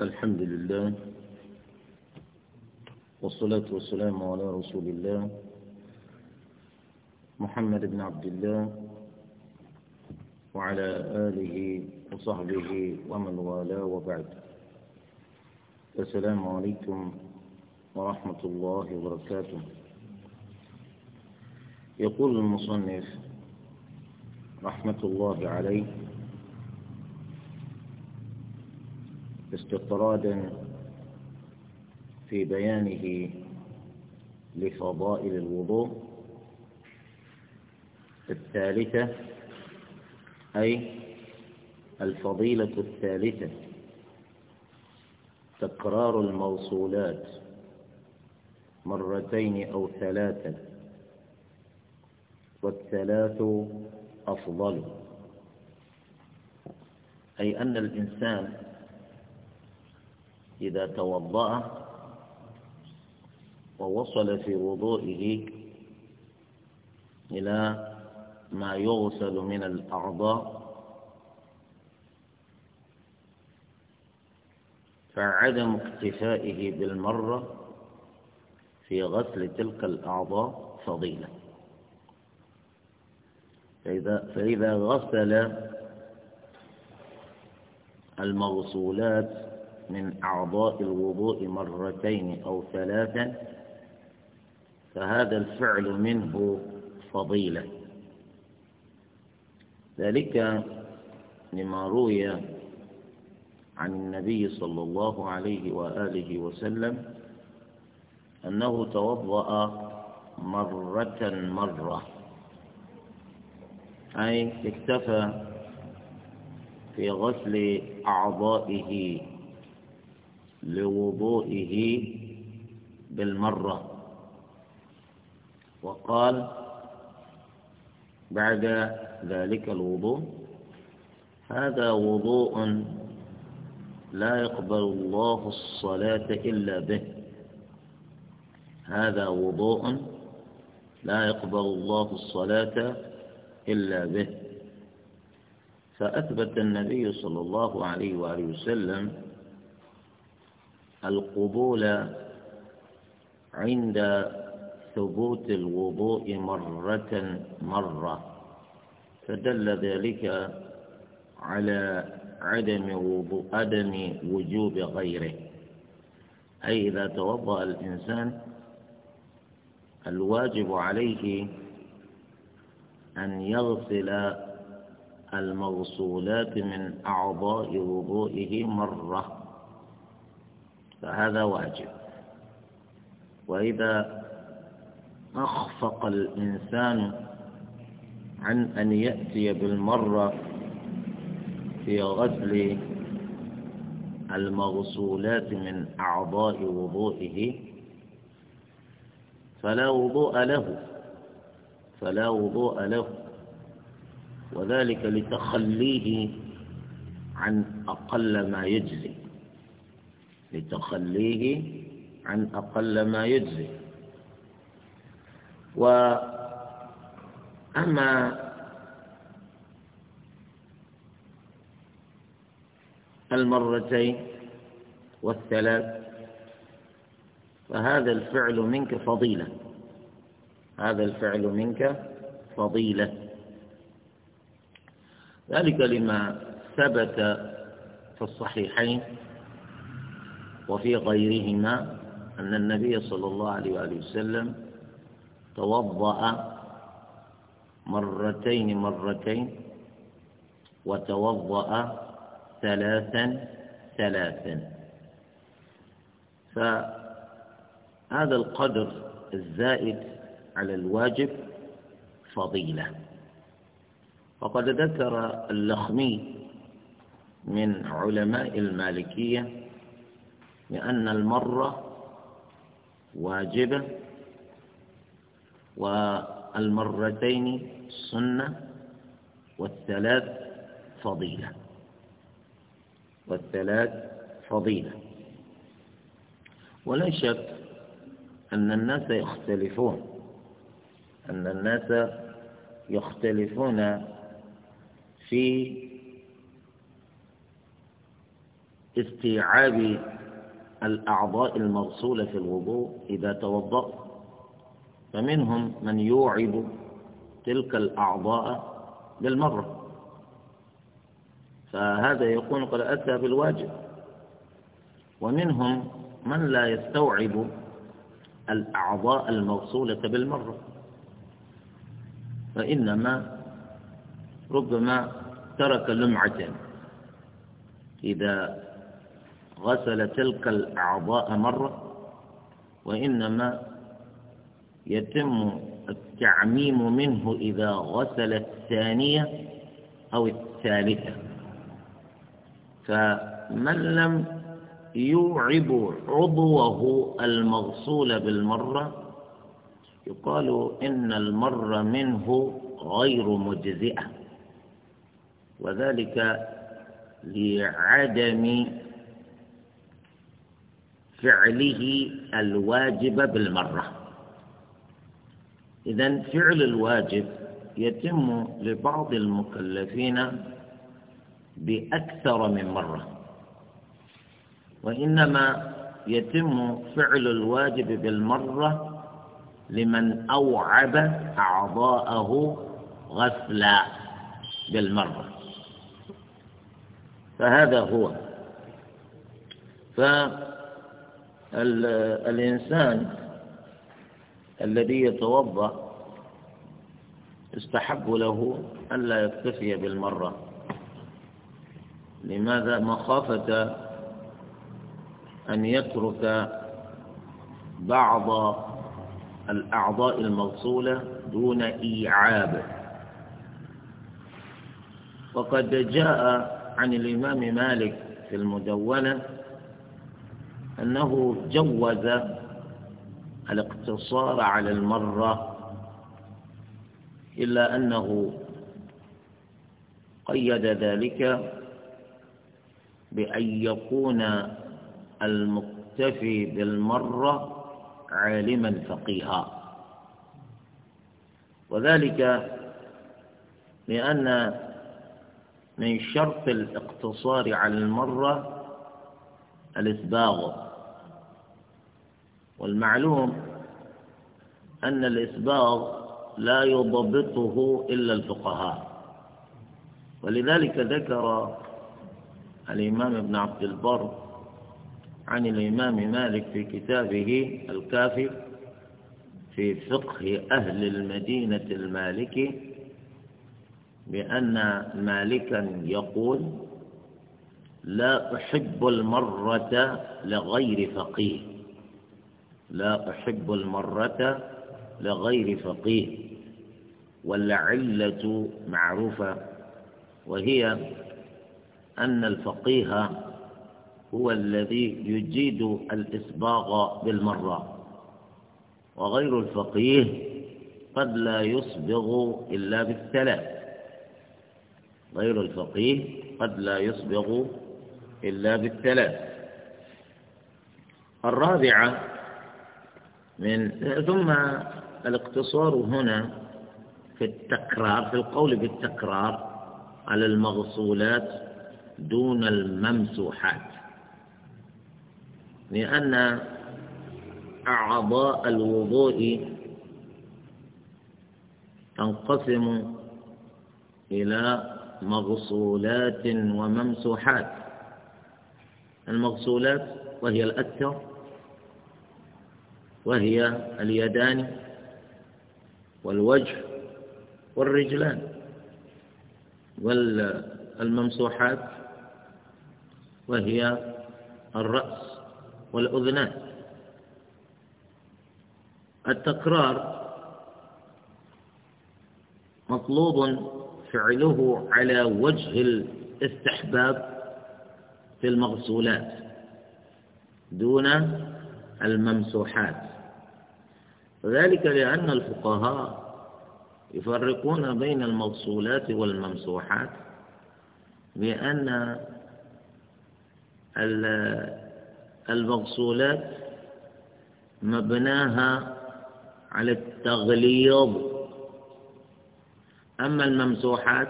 الحمد لله والصلاة والسلام على رسول الله محمد بن عبد الله وعلى آله وصحبه ومن والاه وبعد السلام عليكم ورحمة الله وبركاته يقول المصنف رحمة الله عليه استطرادا في بيانه لفضائل الوضوء الثالثة أي الفضيلة الثالثة تكرار الموصولات مرتين أو ثلاثة والثلاث أفضل أي أن الإنسان إذا توضأ ووصل في وضوئه إلى ما يغسل من الأعضاء فعدم اكتفائه بالمرة في غسل تلك الأعضاء فضيلة فإذا, فإذا غسل المغسولات من أعضاء الوضوء مرتين أو ثلاثا فهذا الفعل منه فضيلة ذلك لما روي عن النبي صلى الله عليه وآله وسلم أنه توضأ مرة مرة أي اكتفى في غسل أعضائه لوضوئه بالمرة وقال بعد ذلك الوضوء هذا وضوء لا يقبل الله الصلاة إلا به هذا وضوء لا يقبل الله الصلاة إلا به فأثبت النبي صلى الله عليه وآله وسلم القبول عند ثبوت الوضوء مرة مرة فدل ذلك على عدم وضوء عدم وجوب غيره أي إذا توضأ الإنسان الواجب عليه أن يغسل المغسولات من أعضاء وضوئه مرة فهذا واجب وإذا أخفق الإنسان عن أن يأتي بالمرة في غسل المغسولات من أعضاء وضوئه فلا وضوء له فلا وضوء له وذلك لتخليه عن أقل ما يجزي لتخليه عن أقل ما يجزي وأما المرتين والثلاث فهذا الفعل منك فضيلة هذا الفعل منك فضيلة ذلك لما ثبت في الصحيحين وفي غيرهما أن النبي صلى الله عليه وآله وسلم توضأ مرتين مرتين وتوضأ ثلاثا ثلاثا فهذا القدر الزائد على الواجب فضيلة وقد ذكر اللخمي من علماء المالكية لأن المرة واجبة والمرتين سنة والثلاث فضيلة والثلاث فضيلة ولا شك أن الناس يختلفون أن الناس يختلفون في استيعاب الأعضاء المغسولة في الوضوء إذا توضأ فمنهم من يوعب تلك الأعضاء للمرة فهذا يكون قد أتى بالواجب ومنهم من لا يستوعب الأعضاء المغسولة بالمرة فإنما ربما ترك لمعة إذا غسل تلك الأعضاء مرة وإنما يتم التعميم منه إذا غسل الثانية أو الثالثة فمن لم يوعب عضوه المغسول بالمرة يقال إن المرة منه غير مجزئة وذلك لعدم فعله الواجب بالمرة إذا فعل الواجب يتم لبعض المكلفين بأكثر من مرة وإنما يتم فعل الواجب بالمرة لمن أوعب أعضاءه غفلا بالمرة فهذا هو ف الإنسان الذي يتوضأ يستحب له ألا يكتفي بالمرة لماذا مخافة أن يترك بعض الأعضاء المغسولة دون إيعاب وقد جاء عن الإمام مالك في المدونة أنه جوز الاقتصار على المرة إلا أنه قيد ذلك بأن يكون المكتفي بالمرة عالما فقيها وذلك لأن من شرط الاقتصار على المرة الإسباغ والمعلوم أن الإسباغ لا يضبطه إلا الفقهاء ولذلك ذكر الإمام ابن عبد البر عن الإمام مالك في كتابه الكافي في فقه أهل المدينة المالكي بأن مالكا يقول لا أحب المرة لغير فقيه لا أحب المرة لغير فقيه والعلة معروفة وهي أن الفقيه هو الذي يجيد الإصباغ بالمرة وغير الفقيه قد لا يصبغ إلا بالثلاث غير الفقيه قد لا يصبغ إلا بالثلاث الرابعة من ثم الاقتصار هنا في التكرار في القول بالتكرار على المغسولات دون الممسوحات لأن أعضاء الوضوء تنقسم إلى مغسولات وممسوحات المغسولات وهي الأكثر وهي اليدان والوجه والرجلان والممسوحات وهي الرأس والأذنان التكرار مطلوب فعله على وجه الاستحباب في المغسولات دون الممسوحات ذلك لأن الفقهاء يفرقون بين الموصولات والممسوحات بأن الموصولات مبناها على التغليظ أما الممسوحات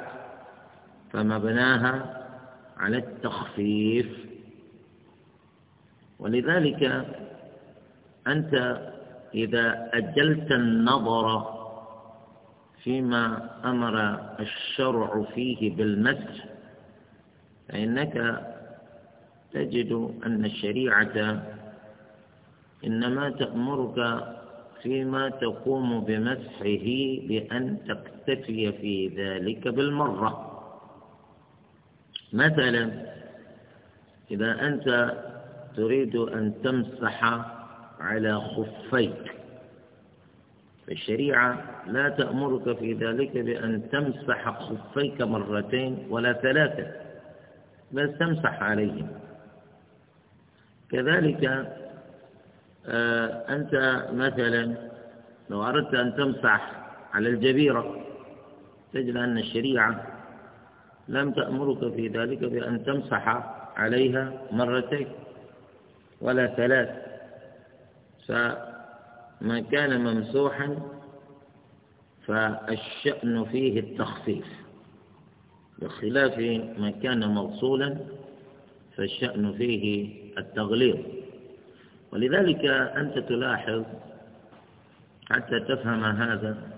فمبناها على التخفيف ولذلك أنت إذا أجلت النظر فيما أمر الشرع فيه بالمسح فإنك تجد أن الشريعة إنما تأمرك فيما تقوم بمسحه بأن تكتفي في ذلك بالمرة مثلا إذا أنت تريد أن تمسح على خفيك فالشريعة لا تأمرك في ذلك بأن تمسح خفيك مرتين ولا ثلاثة بل تمسح عليهم كذلك آه، أنت مثلا لو أردت أن تمسح على الجبيرة تجد أن الشريعة لم تأمرك في ذلك بأن تمسح عليها مرتين ولا ثلاث فما كان ممسوحا فالشأن فيه التخفيف بخلاف ما كان موصولا فالشأن فيه التغليظ ولذلك أنت تلاحظ حتى تفهم هذا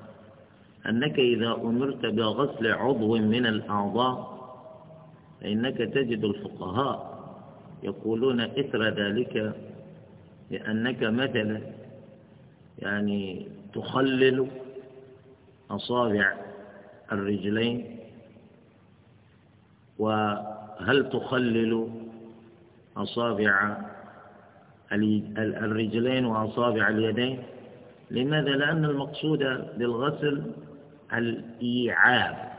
أنك إذا أمرت بغسل عضو من الأعضاء فإنك تجد الفقهاء يقولون إثر ذلك لأنك مثلا يعني تخلل أصابع الرجلين وهل تخلل أصابع الرجلين وأصابع اليدين لماذا؟ لأن المقصود بالغسل الإيعاب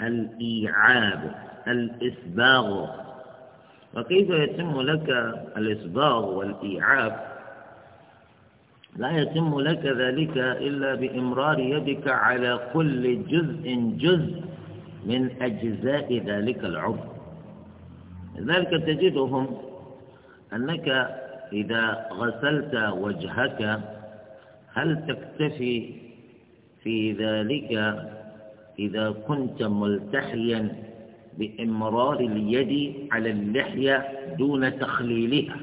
الإيعاب الإسباغ فكيف يتم لك الإصباغ والإيعاب لا يتم لك ذلك إلا بإمرار يدك على كل جزء جزء من أجزاء ذلك العضو لذلك تجدهم أنك إذا غسلت وجهك هل تكتفي في ذلك إذا كنت ملتحيا بإمرار اليد على اللحية دون تخليلها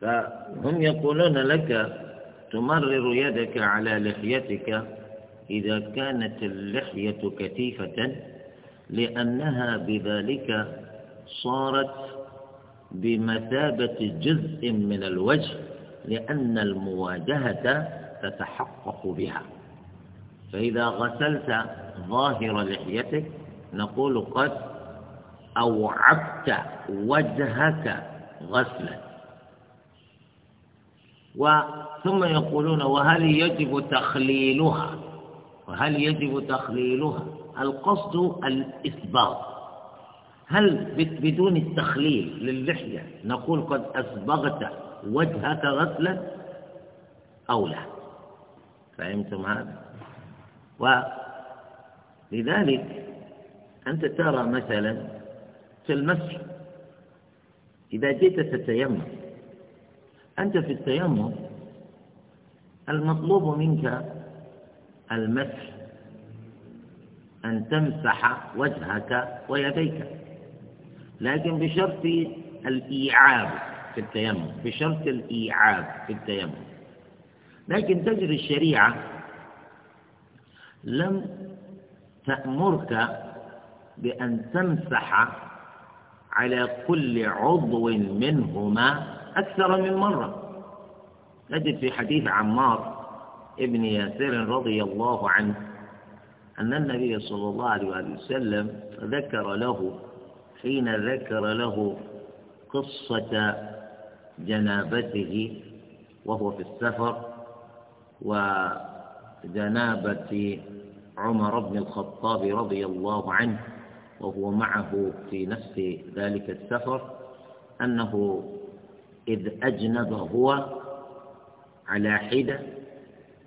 فهم يقولون لك تمرر يدك على لحيتك إذا كانت اللحية كثيفة لأنها بذلك صارت بمثابة جزء من الوجه لأن المواجهة تتحقق بها فإذا غسلت ظاهر لحيتك نقول قد أوعبت وجهك غسلا وثم يقولون وهل يجب تخليلها وهل يجب تخليلها القصد الإسباغ هل بدون التخليل للحية نقول قد أسبغت وجهك غسلا أو لا فهمتم هذا؟ ولذلك أنت ترى مثلا في المسح إذا جئت تتيمم أنت في التيمم المطلوب منك المسح أن تمسح وجهك ويديك لكن بشرط الإيعاب في التيمم بشرط الإيعاب في التيمم لكن تجري الشريعة لم تأمرك بأن تمسح على كل عضو منهما أكثر من مرة نجد في حديث عمار ابن ياسر رضي الله عنه أن النبي صلى الله عليه وسلم ذكر له حين ذكر له قصة جنابته وهو في السفر و جنابة عمر بن الخطاب رضي الله عنه وهو معه في نفس ذلك السفر أنه إذ أجنب هو على حدة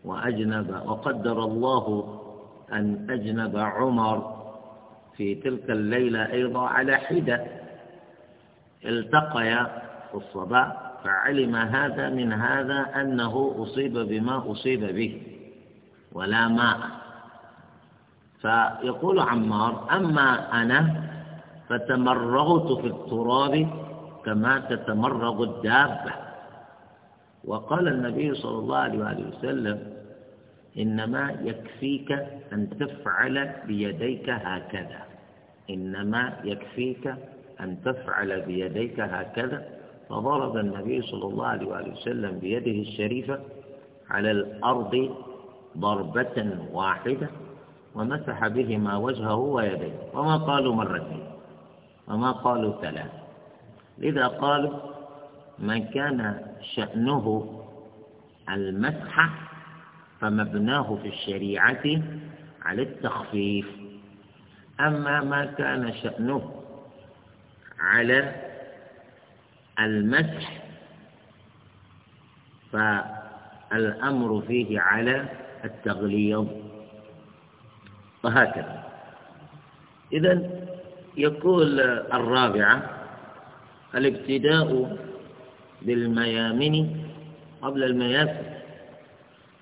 وأجنب وقدر الله أن أجنب عمر في تلك الليلة أيضا على حدة التقيا في الصباح فعلم هذا من هذا أنه أصيب بما أصيب به ولا ماء فيقول عمار أما أنا فتمرغت في التراب كما تتمرغ الدابة وقال النبي صلى الله عليه وسلم إنما يكفيك أن تفعل بيديك هكذا إنما يكفيك أن تفعل بيديك هكذا فضرب النبي صلى الله عليه وسلم بيده الشريفة على الأرض ضربة واحدة ومسح بهما وجهه ويديه وما قالوا مرتين وما قالوا ثلاث لذا قالوا من كان شأنه المسح فمبناه في الشريعة على التخفيف أما ما كان شأنه على المسح فالأمر فيه على التغليظ وهكذا إذا يقول الرابعة الابتداء بالميامن قبل المياسر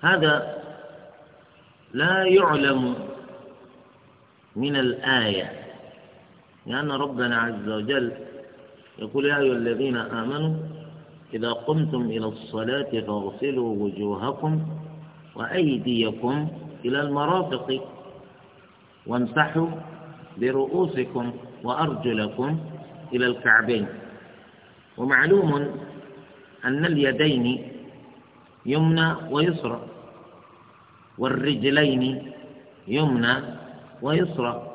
هذا لا يعلم من الآية لأن ربنا عز وجل يقول يا أيها الذين آمنوا إذا قمتم إلى الصلاة فاغسلوا وجوهكم وأيديكم إلى المرافق وامسحوا برؤوسكم وأرجلكم إلى الكعبين ومعلوم أن اليدين يمنى ويسرى والرجلين يمنى ويسرى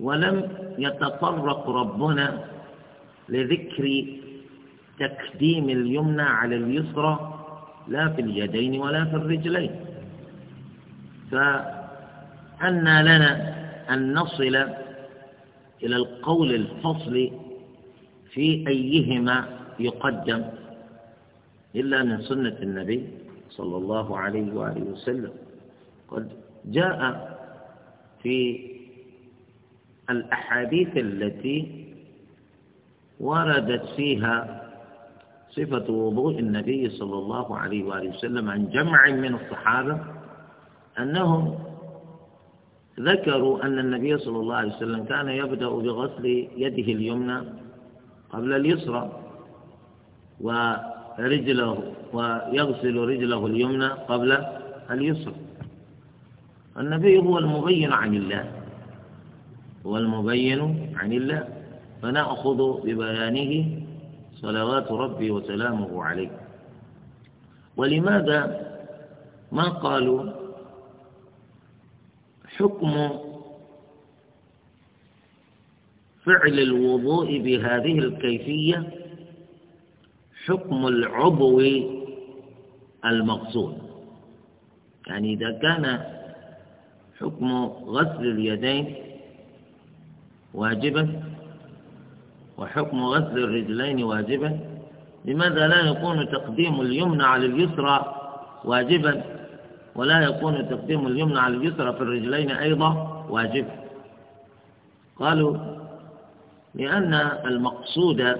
ولم يتطرق ربنا لذكر تقديم اليمنى على اليسرى لا في اليدين ولا في الرجلين فأنى لنا أن نصل إلى القول الفصل في أيهما يقدم إلا من سنة النبي صلى الله عليه وآله وسلم قد جاء في الأحاديث التي وردت فيها صفة وضوء النبي صلى الله عليه وآله وسلم عن جمع من الصحابة أنهم ذكروا أن النبي صلى الله عليه وسلم كان يبدأ بغسل يده اليمنى قبل اليسرى ورجله ويغسل رجله اليمنى قبل اليسرى النبي هو المبين عن الله هو المبين عن الله فنأخذ ببيانه صلوات ربي وسلامه عليه ولماذا ما قالوا حكم فعل الوضوء بهذه الكيفية حكم العضو المقصود يعني إذا كان حكم غسل اليدين واجبا وحكم غسل الرجلين واجبا لماذا لا يكون تقديم اليمنى على اليسرى واجبا ولا يكون تقديم اليمنى على اليسرى في الرجلين أيضا واجبا قالوا لأن المقصود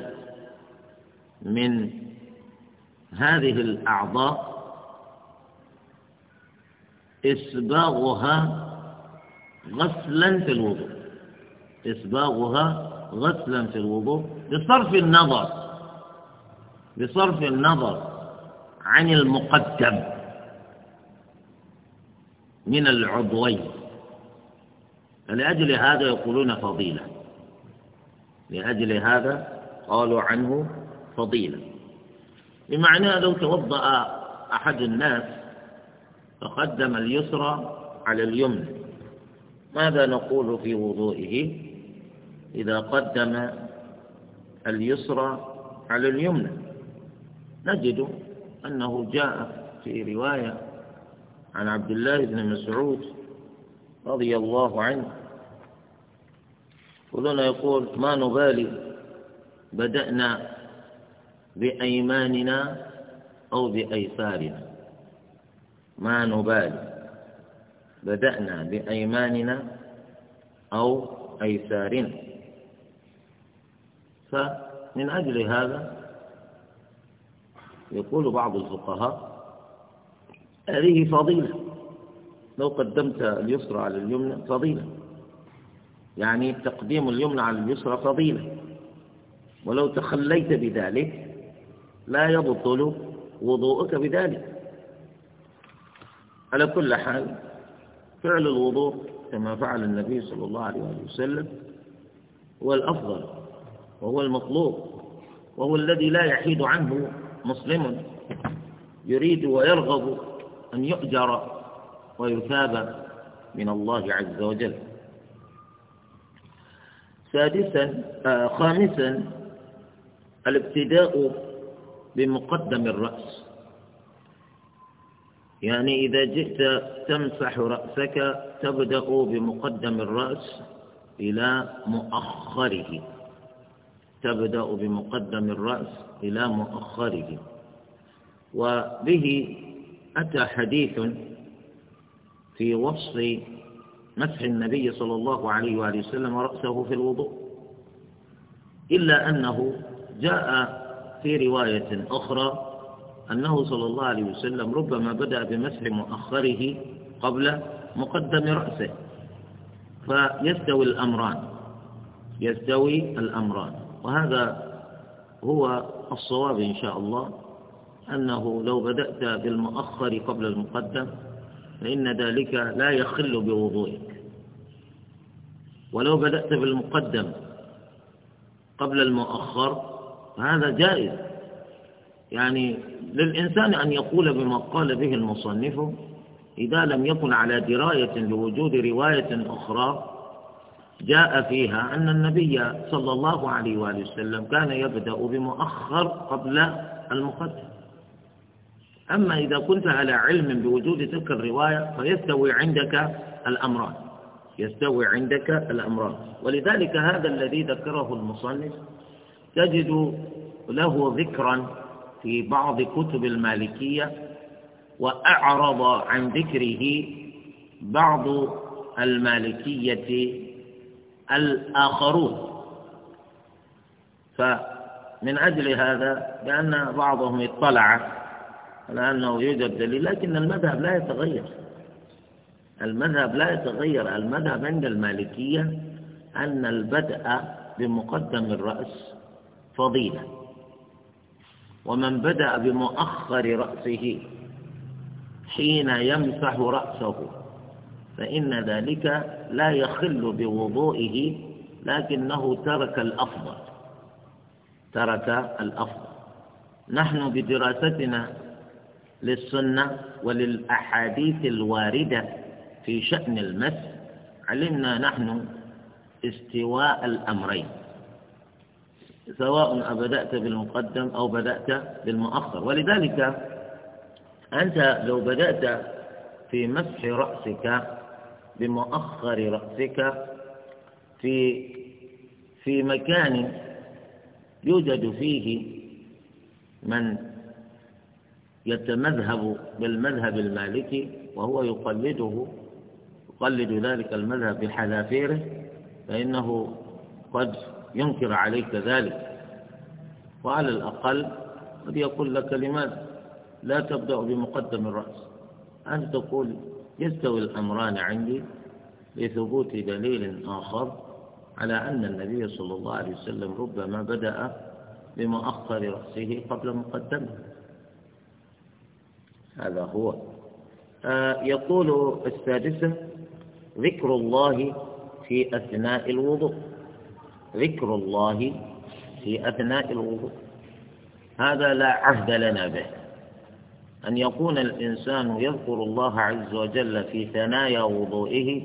من هذه الأعضاء إسباغها غسلا في الوضوء إسباغها غسلا في الوضوء بصرف النظر بصرف النظر عن المقدم من العضوين فلأجل هذا يقولون فضيلة لأجل هذا قالوا عنه فضيلة بمعنى لو توضأ أحد الناس فقدم اليسرى على اليمنى ماذا نقول في وضوئه إذا قدم اليسرى على اليمنى نجد أنه جاء في رواية عن عبد الله بن مسعود رضي الله عنه كلنا يقول ما نبالي بدأنا بأيماننا أو بأيسارنا ما نبالي بدأنا بأيماننا أو أيسارنا فمن أجل هذا يقول بعض الفقهاء هذه فضيلة لو قدمت اليسرى على اليمنى فضيلة يعني تقديم اليمنى على اليسرى فضيلة ولو تخليت بذلك لا يبطل وضوءك بذلك على كل حال فعل الوضوء كما فعل النبي صلى الله عليه وسلم هو الأفضل وهو المطلوب وهو الذي لا يحيد عنه مسلم يريد ويرغب أن يؤجر ويثاب من الله عز وجل سادسا آه، خامسا الابتداء بمقدم الرأس يعني إذا جئت تمسح رأسك تبدأ بمقدم الرأس إلى مؤخره تبدأ بمقدم الرأس إلى مؤخره وبه أتى حديث في وصف مسح النبي صلى الله عليه وآله وسلم رأسه في الوضوء إلا أنه جاء في رواية أخرى أنه صلى الله عليه وسلم ربما بدأ بمسح مؤخره قبل مقدم رأسه فيستوي الأمران يستوي الأمران وهذا هو الصواب إن شاء الله أنه لو بدأت بالمؤخر قبل المقدم فإن ذلك لا يخل بوضوئك ولو بدأت بالمقدم قبل المؤخر فهذا جائز يعني للإنسان أن يقول بما قال به المصنف إذا لم يكن على دراية بوجود رواية أخرى جاء فيها أن النبي صلى الله عليه وآله وسلم كان يبدأ بمؤخر قبل المقدم أما إذا كنت على علم بوجود تلك الرواية فيستوي عندك الأمران يستوي عندك الأمران ولذلك هذا الذي ذكره المصنف تجد له ذكرا في بعض كتب المالكية وأعرض عن ذكره بعض المالكية الآخرون فمن أجل هذا لأن بعضهم اطلع على أنه يوجد دليل لكن المذهب لا يتغير المذهب لا يتغير المذهب عند المالكية أن البدء بمقدم الرأس فضيلة ومن بدأ بمؤخر رأسه حين يمسح رأسه فإن ذلك لا يخل بوضوئه لكنه ترك الأفضل ترك الأفضل نحن بدراستنا للسنة وللأحاديث الواردة في شأن المس علمنا نحن استواء الأمرين سواء أبدأت بالمقدم أو بدأت بالمؤخر ولذلك أنت لو بدأت في مسح رأسك بمؤخر رأسك في في مكان يوجد فيه من يتمذهب بالمذهب المالكي وهو يقلده يقلد ذلك المذهب بحذافيره فإنه قد ينكر عليك ذلك وعلى الأقل قد يقول لك لماذا لا تبدأ بمقدم الرأس أن تقول يستوي الأمران عندي لثبوت دليل آخر على أن النبي صلى الله عليه وسلم ربما بدأ بمؤخر رأسه قبل مقدمه هذا هو آه يقول السادسة ذكر الله في أثناء الوضوء ذكر الله في أثناء الوضوء هذا لا عهد لنا به أن يكون الإنسان يذكر الله عز وجل في ثنايا وضوئه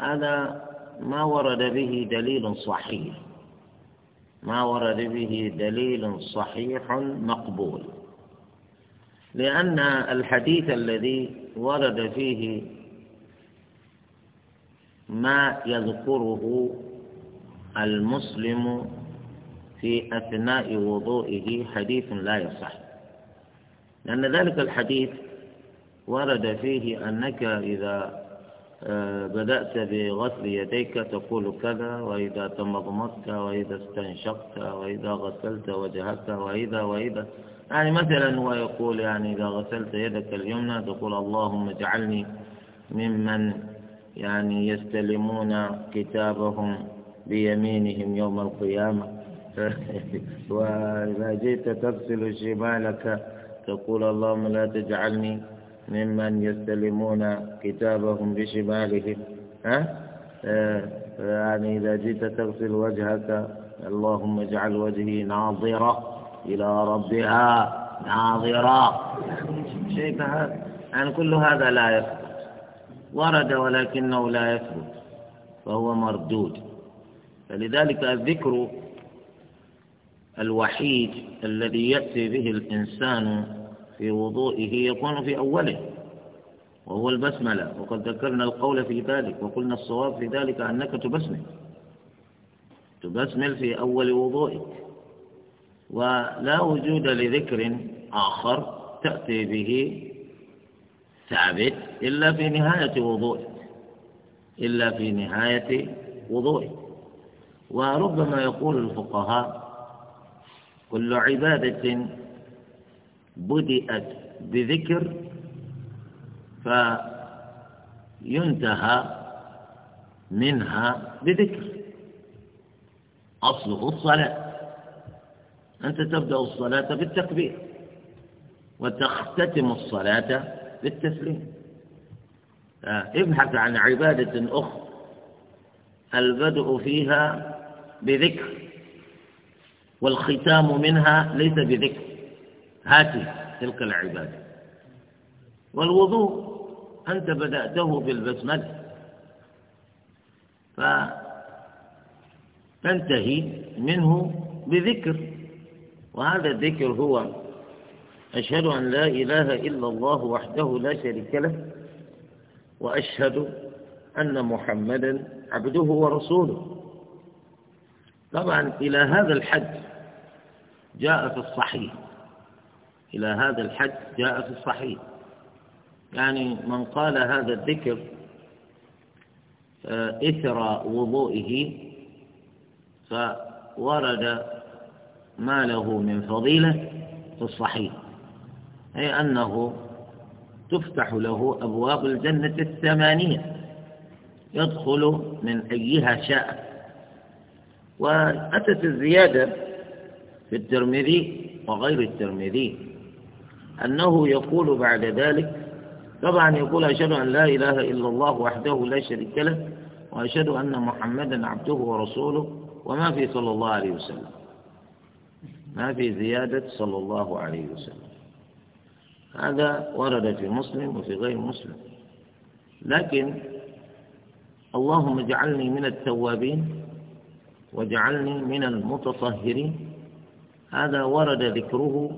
هذا ما ورد به دليل صحيح ما ورد به دليل صحيح مقبول لأن الحديث الذي ورد فيه ما يذكره المسلم في أثناء وضوئه حديث لا يصح لأن ذلك الحديث ورد فيه أنك إذا آه، بدأت بغسل يديك تقول كذا وإذا تمضمضت وإذا استنشقت وإذا غسلت وجهك وإذا وإذا يعني مثلا هو يقول يعني إذا غسلت يدك اليمنى تقول اللهم اجعلني ممن يعني يستلمون كتابهم بيمينهم يوم القيامة وإذا جئت تغسل شمالك تقول اللهم لا تجعلني ممن يستلمون كتابهم بشمالهم ها آه، يعني إذا جئت تغسل وجهك اللهم اجعل وجهي ناظرة إلى ربها ناظرة شيء هذا يعني كل هذا لا يثبت ورد ولكنه لا يثبت فهو مردود فلذلك الذكر الوحيد الذي يأتي به الإنسان في وضوئه يكون في أوله وهو البسملة وقد ذكرنا القول في ذلك وقلنا الصواب في ذلك أنك تبسمل تبسمل في أول وضوئك ولا وجود لذكر آخر تأتي به ثابت إلا في نهاية وضوئك إلا في نهاية وضوئك وربما يقول الفقهاء كل عبادة بدأت بذكر فينتهى منها بذكر أصله الصلاة أنت تبدأ الصلاة بالتكبير وتختتم الصلاة بالتسليم آه، ابحث عن عبادة أخرى البدء فيها بذكر والختام منها ليس بذكر هاته تلك العبادة والوضوء أنت بدأته بالبسملة فتنتهي منه بذكر وهذا الذكر هو أشهد أن لا إله إلا الله وحده لا شريك له وأشهد أن محمدا عبده ورسوله طبعا إلى هذا الحد جاء في الصحيح إلى هذا الحد جاء في الصحيح يعني من قال هذا الذكر آه، إثر وضوئه فورد ما له من فضيلة في الصحيح أي أنه تفتح له أبواب الجنة الثمانية يدخل من أيها شاء وأتت الزيادة في الترمذي وغير الترمذي أنه يقول بعد ذلك طبعا يقول أشهد أن لا إله إلا الله وحده لا شريك له وأشهد أن محمدا عبده ورسوله وما في صلى الله عليه وسلم ما في زيادة صلى الله عليه وسلم هذا ورد في مسلم وفي غير مسلم لكن اللهم اجعلني من التوابين واجعلني من المتطهرين هذا ورد ذكره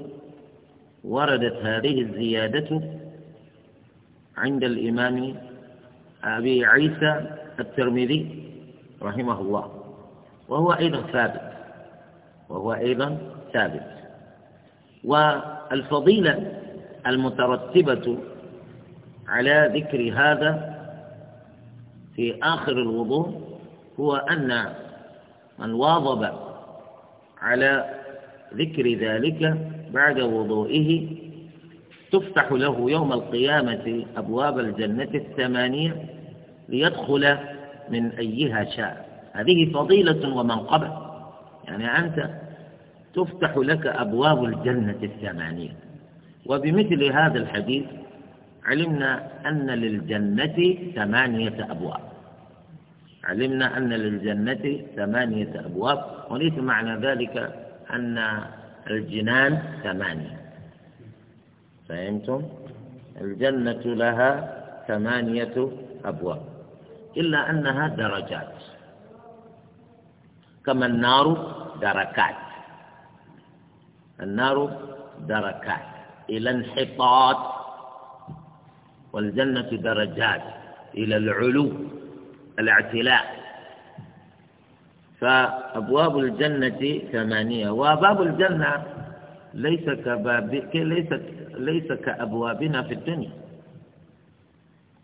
وردت هذه الزيادة عند الإمام أبي عيسى الترمذي رحمه الله وهو أيضا ثابت وهو أيضا ثابت والفضيلة المترتبة على ذكر هذا في آخر الوضوء هو أن من واظب على ذكر ذلك بعد وضوئه تفتح له يوم القيامة أبواب الجنة الثمانية ليدخل من أيها شاء هذه فضيلة ومنقبة يعني أنت تفتح لك أبواب الجنة الثمانية وبمثل هذا الحديث علمنا أن للجنة ثمانية أبواب علمنا أن للجنة ثمانية أبواب وليس معنى ذلك أن الجنان ثمانية فهمتم؟ الجنة لها ثمانية أبواب إلا أنها درجات كما النار دركات النار دركات إلى انحطاط والجنة درجات إلى العلو الاعتلاء فأبواب الجنة ثمانية وباب الجنة ليس كباب ليس ليس كأبوابنا في الدنيا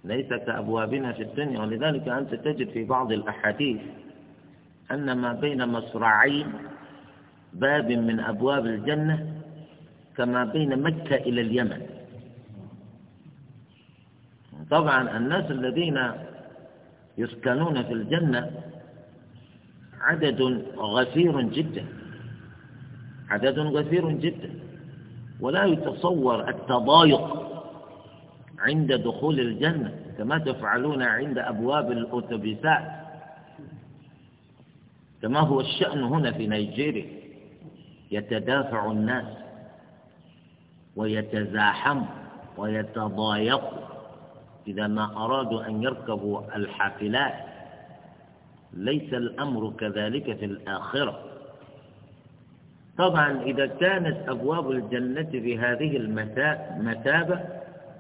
ليس كأبوابنا في الدنيا ولذلك أنت تجد في بعض الأحاديث أن ما بين مصرعين باب من أبواب الجنة كما بين مكة إلى اليمن طبعا الناس الذين يسكنون في الجنة عدد غفير جدا عدد غفير جدا ولا يتصور التضايق عند دخول الجنة كما تفعلون عند أبواب الأتوبيسات كما هو الشأن هنا في نيجيريا يتدافع الناس ويتزاحم ويتضايق إذا ما أرادوا أن يركبوا الحافلات ليس الأمر كذلك في الآخرة طبعا إذا كانت أبواب الجنة بهذه المثابة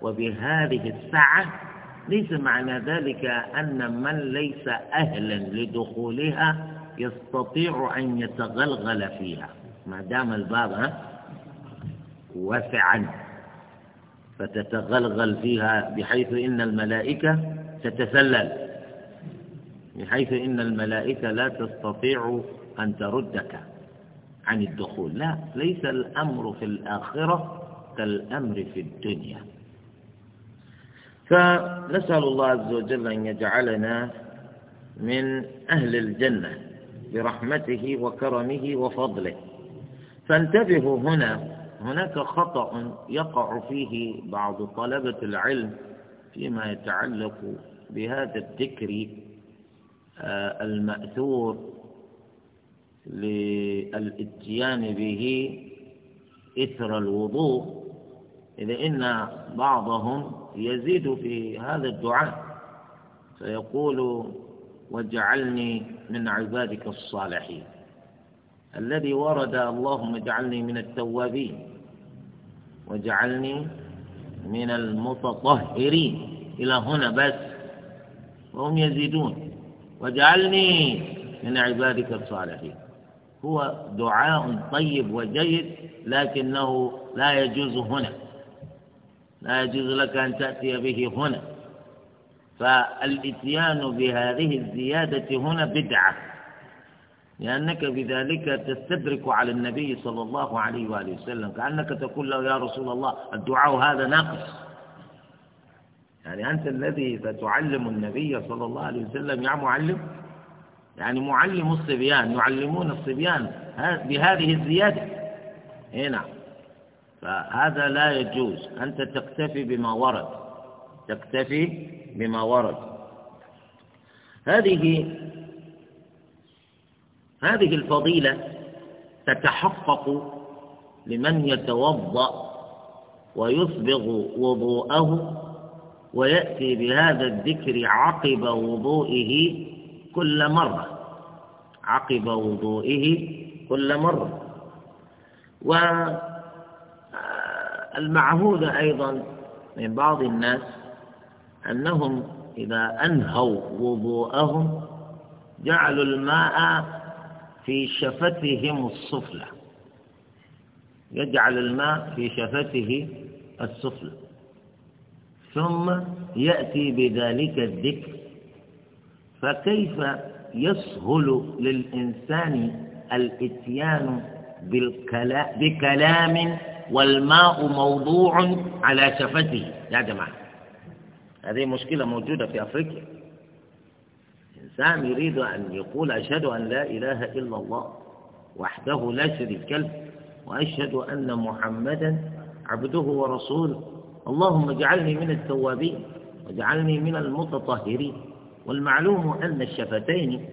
وبهذه السعة ليس معنى ذلك أن من ليس أهلا لدخولها يستطيع أن يتغلغل فيها ما دام الباب واسعا فتتغلغل فيها بحيث إن الملائكة تتسلل بحيث إن الملائكة لا تستطيع أن تردك عن الدخول لا ليس الأمر في الآخرة كالأمر في الدنيا فنسأل الله عز وجل أن يجعلنا من أهل الجنة برحمته وكرمه وفضله فانتبهوا هنا هناك خطأ يقع فيه بعض طلبة العلم فيما يتعلق بهذا الذكر آه، المأثور للاتيان به إثر الوضوء إذ إن بعضهم يزيد في هذا الدعاء فيقول واجعلني من عبادك الصالحين الذي ورد اللهم اجعلني من التوابين واجعلني من المتطهرين إلى هنا بس وهم يزيدون واجعلني من عبادك الصالحين هو دعاء طيب وجيد لكنه لا يجوز هنا لا يجوز لك أن تأتي به هنا فالإتيان بهذه الزيادة هنا بدعة لأنك بذلك تستدرك على النبي صلى الله عليه وآله وسلم كأنك تقول له يا رسول الله الدعاء هذا ناقص يعني أنت الذي ستعلم النبي صلى الله عليه وسلم يا معلم يعني معلم الصبيان يعلمون الصبيان بهذه الزيادة هنا إيه نعم. فهذا لا يجوز أنت تكتفي بما ورد تكتفي بما ورد هذه هذه الفضيلة تتحقق لمن يتوضأ ويصبغ وضوءه ويأتي بهذا الذكر عقب وضوئه كل مرة عقب وضوئه كل مرة والمعهود آه، أيضا من بعض الناس أنهم إذا أنهوا وضوءهم جعلوا الماء في شفتهم السفلى يجعل الماء في شفته السفلى ثم يأتي بذلك الذكر فكيف يسهل للإنسان الإتيان بكلام والماء موضوع على شفته يا جماعة هذه مشكلة موجودة في أفريقيا إنسان يريد أن يقول أشهد أن لا إله إلا الله وحده لا شريك له وأشهد أن محمدا عبده ورسوله اللهم اجعلني من التوابين واجعلني من المتطهرين والمعلوم أن الشفتين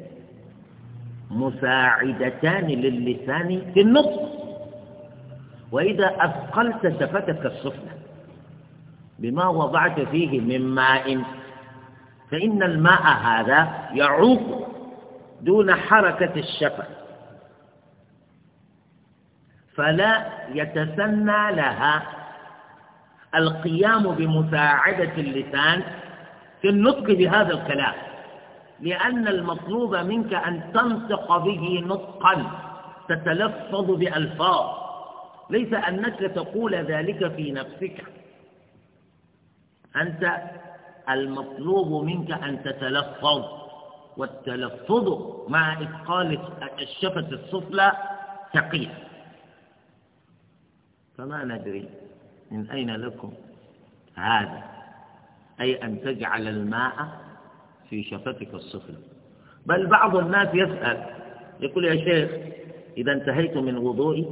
مساعدتان للسان في النطق وإذا أثقلت شفتك السفلى بما وضعت فيه من ماء فإن الماء هذا يعوق دون حركة الشفة فلا يتسنى لها القيام بمساعدة اللسان في النطق بهذا الكلام لأن المطلوب منك أن تنطق به نطقا تتلفظ بألفاظ ليس أنك تقول ذلك في نفسك أنت المطلوب منك أن تتلفظ والتلفظ مع إثقال الشفة السفلى ثقيل فما ندري من أين لكم هذا أي أن تجعل الماء في شفتك السفلى بل بعض الناس يسأل يقول يا شيخ إذا انتهيت من وضوئي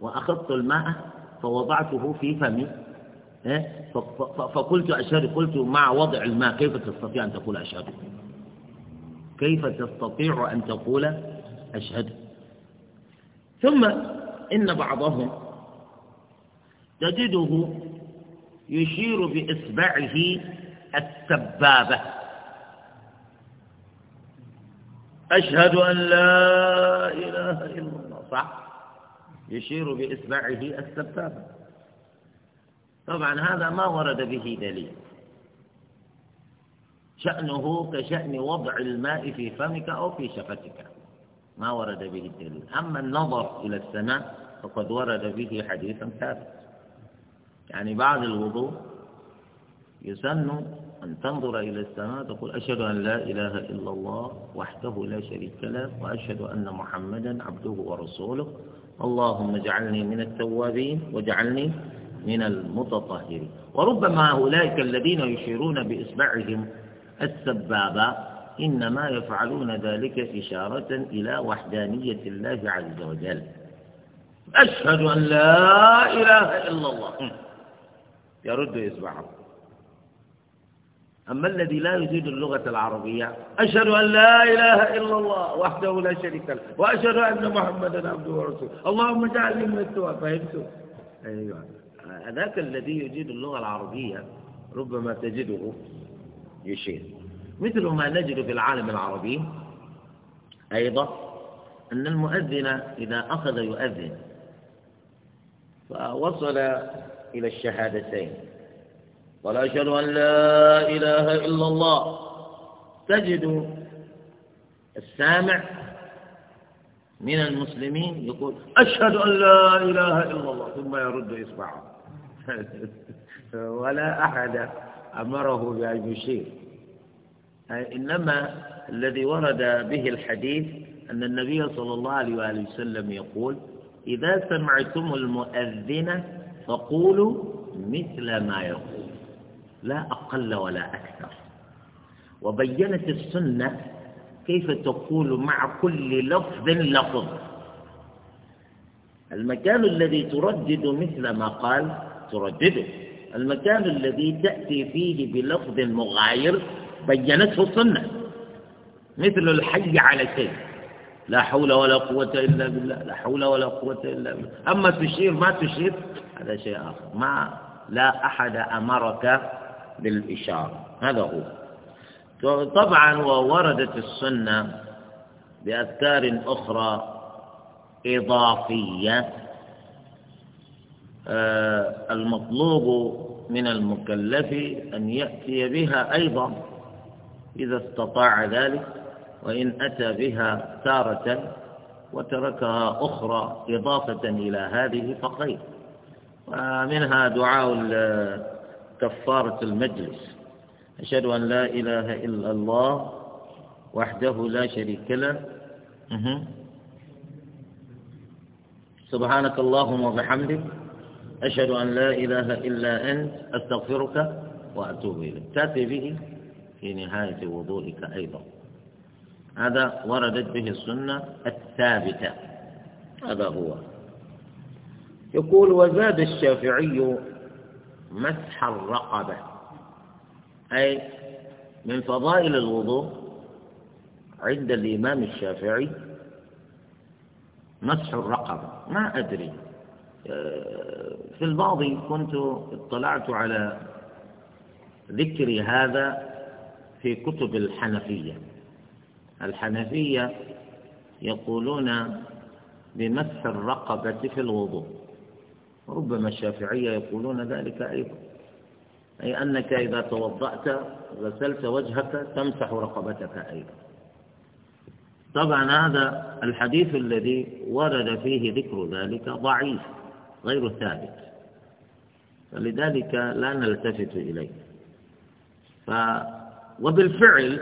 وأخذت الماء فوضعته في فمي إيه؟ فقلت أشهد قلت مع وضع الماء كيف تستطيع أن تقول أشهد كيف تستطيع أن تقول أشهد ثم إن بعضهم تجده يشير بإصبعه السبابة أشهد أن لا إله إلا الله صح يشير بإصبعه السبابة طبعا هذا ما ورد به دليل شأنه كشأن وضع الماء في فمك أو في شفتك ما ورد به الدليل أما النظر إلى السماء فقد ورد به حديث ثابت يعني بعد الوضوء يسن أن تنظر إلى السماء تقول أشهد أن لا إله إلا الله وحده لا شريك له وأشهد أن محمدا عبده ورسوله اللهم اجعلني من التوابين واجعلني من المتطهرين وربما أولئك الذين يشيرون بإصبعهم السبابة إنما يفعلون ذلك إشارة إلى وحدانية الله عز وجل أشهد أن لا إله إلا الله يرد إصبعه أما الذي لا يجيد اللغة العربية أشهد أن لا إله إلا الله وحده لا شريك له وأشهد أن محمدا عبده ورسوله اللهم اجعلني من التوى فهمت أيوة ذاك الذي يجيد اللغة العربية ربما تجده يشير مثل ما نجد في العالم العربي أيضا أن المؤذن إذا أخذ يؤذن فوصل إلى الشهادتين ولا أشهد أن لا إله إلا الله تجد السامع من المسلمين يقول أشهد أن لا إله إلا الله ثم يرد إصبعه ولا أحد أمره بأن يشير إنما الذي ورد به الحديث أن النبي صلى الله عليه وآله وسلم يقول إذا سمعتم المؤذنة فقولوا مثل ما يقول لا أقل ولا أكثر وبينت السنة كيف تقول مع كل لفظ لفظ المكان الذي تردد مثل ما قال تردده المكان الذي تأتي فيه بلفظ مغاير بينته السنة مثل الحي على شيء لا حول ولا قوة إلا بالله لا حول ولا قوة إلا بالله أما تشير ما تشير هذا شيء آخر ما لا أحد أمرك بالإشارة هذا هو طبعا ووردت السنة بأذكار أخرى إضافية آه، المطلوب من المكلف أن يأتي بها أيضا إذا استطاع ذلك وإن أتى بها تارة وتركها أخرى إضافة إلى هذه فخير ومنها دعاء كفارة المجلس أشهد أن لا إله إلا الله وحده لا شريك له سبحانك اللهم وبحمدك أشهد أن لا إله إلا أنت أستغفرك وأتوب إليك تأتي به في نهاية وضوئك أيضا هذا وردت به السنة الثابتة هذا هو يقول وزاد الشافعي مسح الرقبة أي من فضائل الوضوء عند الإمام الشافعي مسح الرقبة ما أدري آه، في الماضي كنت اطلعت على ذكر هذا في كتب الحنفية الحنفية يقولون بمس الرقبة في الوضوء ربما الشافعية يقولون ذلك أيضا أي أنك إذا توضأت غسلت وجهك تمسح رقبتك أيضا طبعا هذا الحديث الذي ورد فيه ذكر ذلك ضعيف غير ثابت فلذلك لا نلتفت إليه ف وبالفعل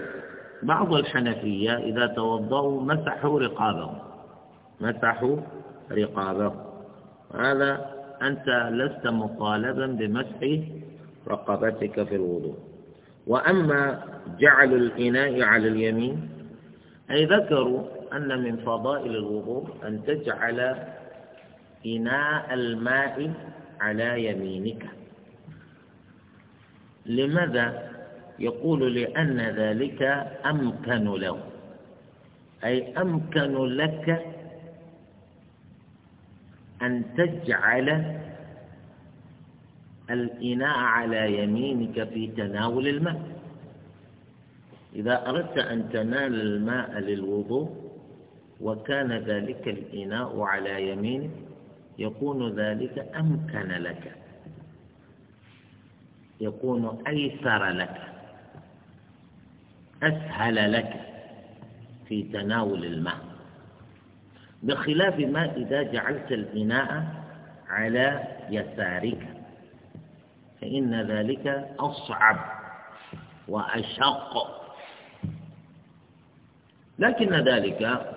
بعض الحنفية إذا توضأوا مسحوا رقابهم مسحوا رقابهم هذا أنت لست مطالبا بمسح رقبتك في الوضوء وأما جعل الإناء على اليمين أي ذكروا أن من فضائل الوضوء أن تجعل إناء الماء على يمينك لماذا؟ يقول لأن ذلك أمكن له أي أمكن لك أن تجعل الإناء على يمينك في تناول الماء إذا أردت أن تنال الماء للوضوء وكان ذلك الإناء على يمينك يكون ذلك أمكن لك يكون أيسر لك أسهل لك في تناول الماء بخلاف ما إذا جعلت الإناء على يسارك فإن ذلك أصعب وأشق لكن ذلك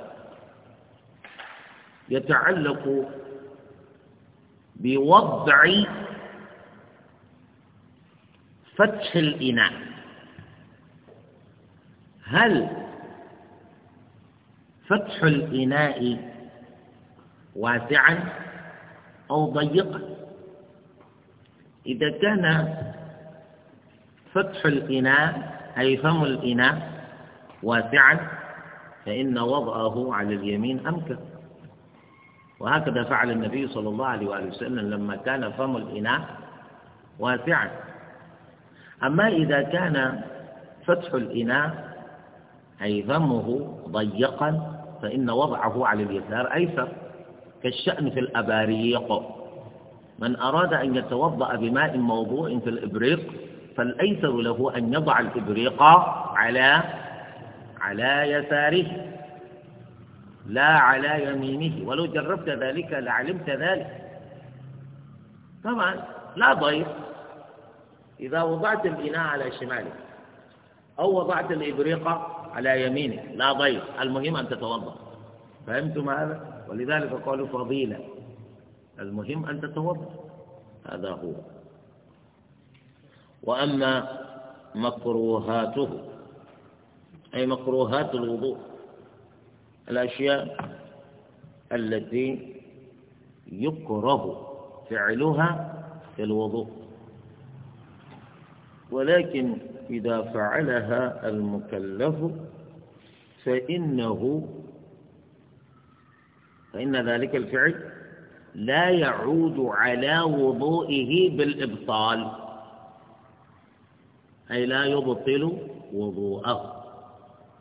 يتعلق بوضع فتح الإناء هل فتح الإناء واسعا أو ضيقا إذا كان فتح الإناء أي فم الإناء واسعا فإن وضعه على اليمين أمكن وهكذا فعل النبي صلى الله عليه وآله وسلم لما كان فم الإناء واسعا أما إذا كان فتح الإناء أي ذمه ضيقا فإن وضعه على اليسار أيسر كالشأن في الأباريق من أراد أن يتوضأ بماء موضوع في الإبريق فالأيسر له أن يضع الإبريق على على يساره لا على يمينه ولو جربت ذلك لعلمت ذلك طبعا لا ضير إذا وضعت الإناء على شمالك أو وضعت الإبريق على يمينك لا ضير المهم أن تتوضأ فهمتم هذا ولذلك قالوا فضيلة المهم أن تتوضأ هذا هو وأما مكروهاته أي مكروهات الوضوء الأشياء التي يكره فعلها في الوضوء ولكن إذا فعلها المكلف فإنه فإن ذلك الفعل لا يعود على وضوئه بالإبطال أي لا يبطل وضوءه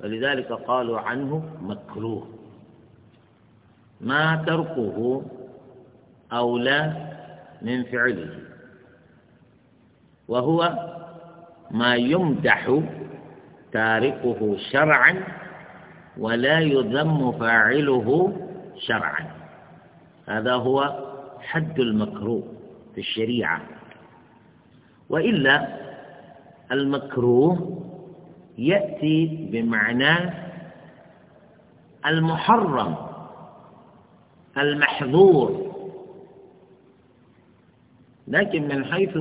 ولذلك قالوا عنه مكروه ما تركه أولى من فعله وهو ما يمدح تاركه شرعا ولا يذم فاعله شرعا هذا هو حد المكروه في الشريعة وإلا المكروه يأتي بمعنى المحرم المحظور لكن من حيث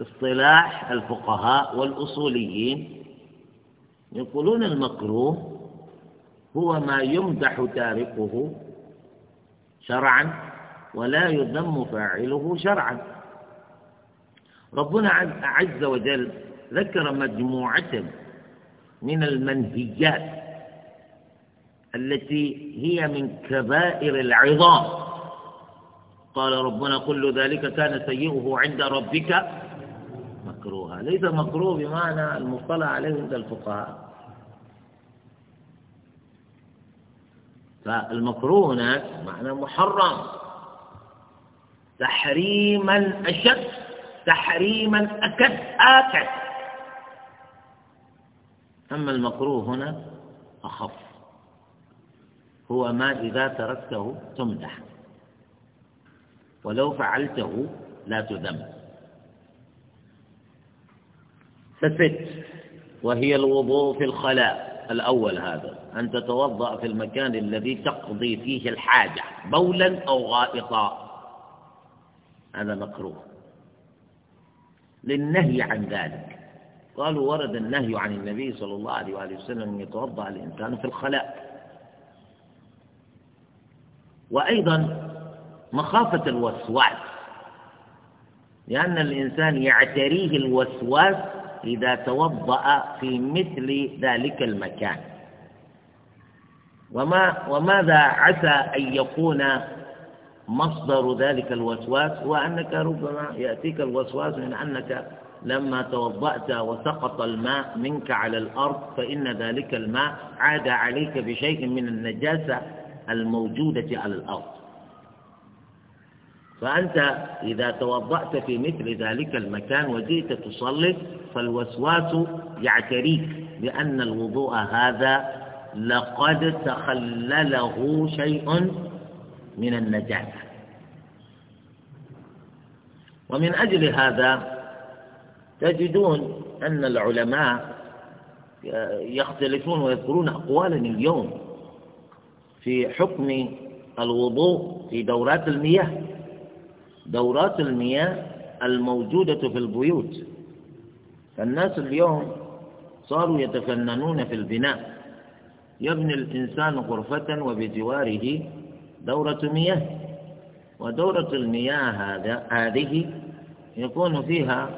اصطلاح الفقهاء والأصوليين يقولون المكروه هو ما يمدح تاركه شرعا ولا يذم فاعله شرعا ربنا عز وجل ذكر مجموعة من المنهجات التي هي من كبائر العظام قال ربنا كل ذلك كان سيئه عند ربك مكروها ليس مكروه بمعنى المطلع عليه عند الفقهاء فالمكروه هناك معنى محرم تحريما أشد تحريما أكد آكد أما المكروه هنا أخف هو ما إذا تركته تمدح ولو فعلته لا تذم فست وهي الوضوء في الخلاء الأول هذا أن تتوضأ في المكان الذي تقضي فيه الحاجة بولا أو غائطا هذا مكروه للنهي عن ذلك قالوا ورد النهي عن النبي صلى الله عليه وآله وسلم أن يتوضأ الإنسان في الخلاء وأيضا مخافة الوسواس لأن الإنسان يعتريه الوسواس إذا توضأ في مثل ذلك المكان وما وماذا عسى أن يكون مصدر ذلك الوسواس هو أنك ربما يأتيك الوسواس من أنك لما توضأت وسقط الماء منك على الأرض فإن ذلك الماء عاد عليك بشيء من النجاسة الموجودة على الأرض فأنت إذا توضأت في مثل ذلك المكان وجئت تصلي فالوسواس يعتريك بأن الوضوء هذا لقد تخلله شيء من النجاسة ومن أجل هذا تجدون أن العلماء يختلفون ويذكرون أقوالا اليوم في حكم الوضوء في دورات المياه دورات المياه الموجودة في البيوت فالناس اليوم صاروا يتفننون في البناء يبني الإنسان غرفة وبجواره دورة مياه ودورة المياه هذا هذه يكون فيها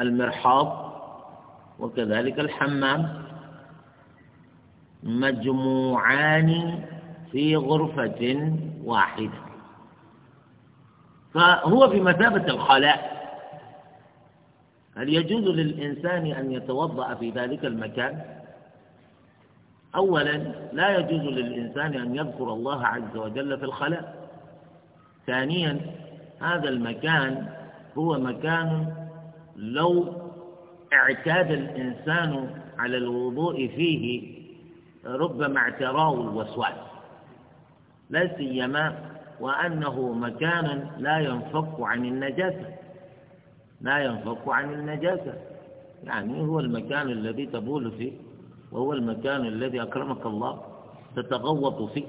المرحاض وكذلك الحمام مجموعان في غرفة واحدة فهو بمثابة الخلاء هل يجوز للإنسان أن يتوضأ في ذلك المكان؟ أولا لا يجوز للإنسان أن يذكر الله عز وجل في الخلاء ثانيا هذا المكان هو مكان لو اعتاد الإنسان على الوضوء فيه ربما اعتراه الوسواس لا سيما وأنه مكان لا ينفك عن النجاسة لا ينفك عن النجاسة يعني هو المكان الذي تبول فيه وهو المكان الذي أكرمك الله تتغوط فيه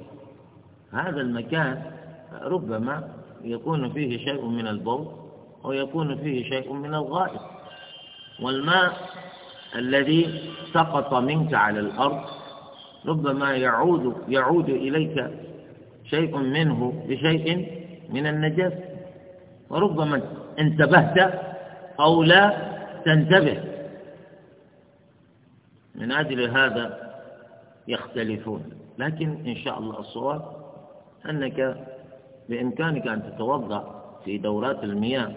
هذا المكان ربما يكون فيه شيء من البول ويكون فيه شيء من الغائط والماء الذي سقط منك على الأرض ربما يعود يعود إليك شيء منه بشيء من النجاسة وربما انتبهت أو لا تنتبه من أجل هذا يختلفون لكن إن شاء الله الصواب أنك بإمكانك أن تتوضأ في دورات المياه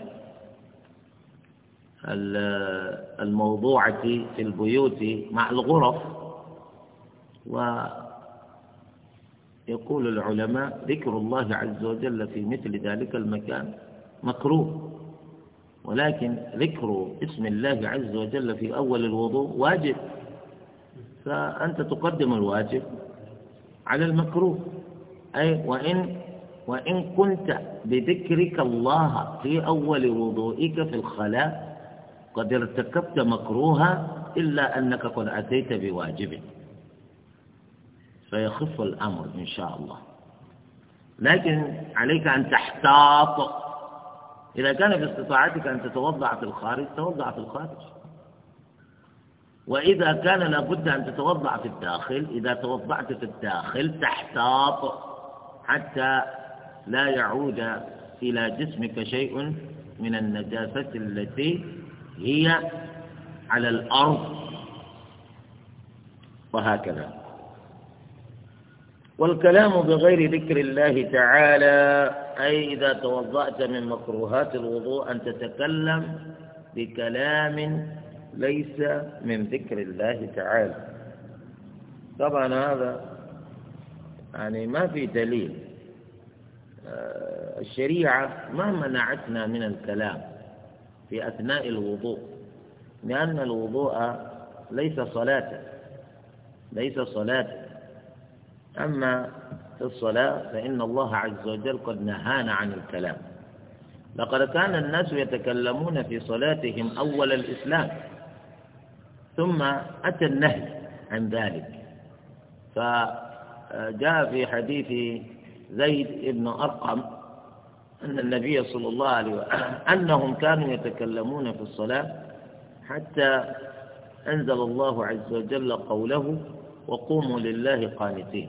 الموضوعة في البيوت مع الغرف و يقول العلماء ذكر الله عز وجل في مثل ذلك المكان مكروه ولكن ذكر اسم الله عز وجل في أول الوضوء واجب فأنت تقدم الواجب على المكروه أي وإن وإن كنت بذكرك الله في أول وضوئك في الخلاء قد ارتكبت مكروها إلا أنك قد أتيت بواجبك فيخف الأمر إن شاء الله لكن عليك أن تحتاط إذا كان باستطاعتك أن تتوضع في الخارج توضع في الخارج وإذا كان لابد أن تتوضع في الداخل إذا توضعت في الداخل تحتاط حتى لا يعود إلى جسمك شيء من النجاسة التي هي على الأرض وهكذا والكلام بغير ذكر الله تعالى أي إذا توضأت من مكروهات الوضوء أن تتكلم بكلام ليس من ذكر الله تعالى طبعا هذا يعني ما في دليل آه، الشريعة ما منعتنا من الكلام في أثناء الوضوء لأن الوضوء ليس صلاة ليس صلاة أما في الصلاة فإن الله عز وجل قد نهانا عن الكلام لقد كان الناس يتكلمون في صلاتهم أول الإسلام ثم أتى النهي عن ذلك فجاء في حديث زيد بن أرقم أن النبي صلى الله عليه وسلم أنهم كانوا يتكلمون في الصلاة حتى أنزل الله عز وجل قوله وقوموا لله قانتين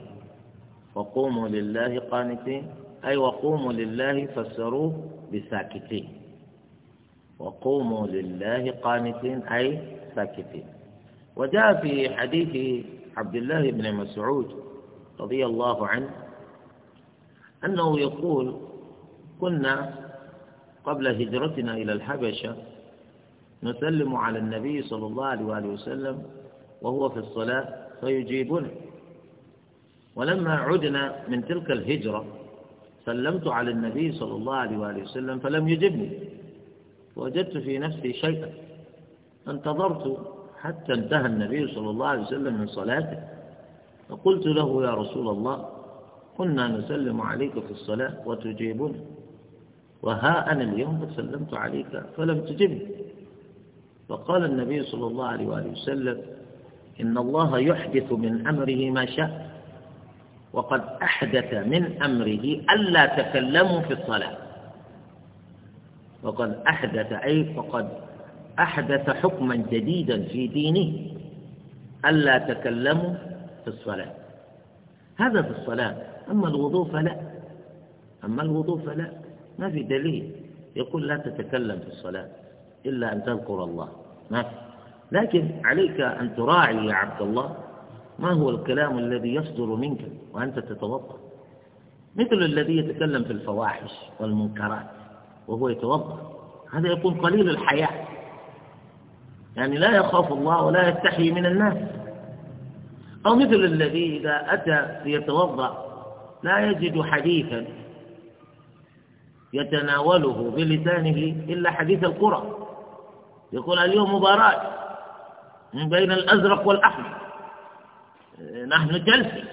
وقوموا لله قانتين أي وقوموا لله فسروه بساكتين وقوموا لله قانتين أي ساكتين وجاء في حديث عبد الله بن مسعود رضي الله عنه أنه يقول كنا قبل هجرتنا إلى الحبشة نسلم على النبي صلى الله عليه وسلم وهو في الصلاة فيجيبنا ولما عدنا من تلك الهجرة سلمت على النبي صلى الله عليه وآله وسلم فلم يجبني فوجدت في نفسي شيئا فانتظرت حتى انتهى النبي صلى الله عليه وسلم من صلاته فقلت له يا رسول الله كنا نسلم عليك في الصلاة وتجيبني وها أنا اليوم سلمت عليك فلم تجبني فقال النبي صلى الله عليه وآله وسلم إن الله يحدث من أمره ما شاء وقد أحدث من أمره ألا تكلموا في الصلاة وقد أحدث أي فقد أحدث حكما جديدا في دينه ألا تكلموا في الصلاة هذا في الصلاة أما الوضوء فلا أما الوضوء فلا ما في دليل يقول لا تتكلم في الصلاة إلا أن تذكر الله ما لكن عليك أن تراعي يا عبد الله ما هو الكلام الذي يصدر منك وأنت تتوضأ مثل الذي يتكلم في الفواحش والمنكرات وهو يتوضأ هذا يكون قليل الحياء يعني لا يخاف الله ولا يستحي من الناس أو مثل الذي إذا أتى ليتوضأ لا يجد حديثا يتناوله بلسانه إلا حديث القرى يقول اليوم مباراة من بين الأزرق والأحمر نحن جلسة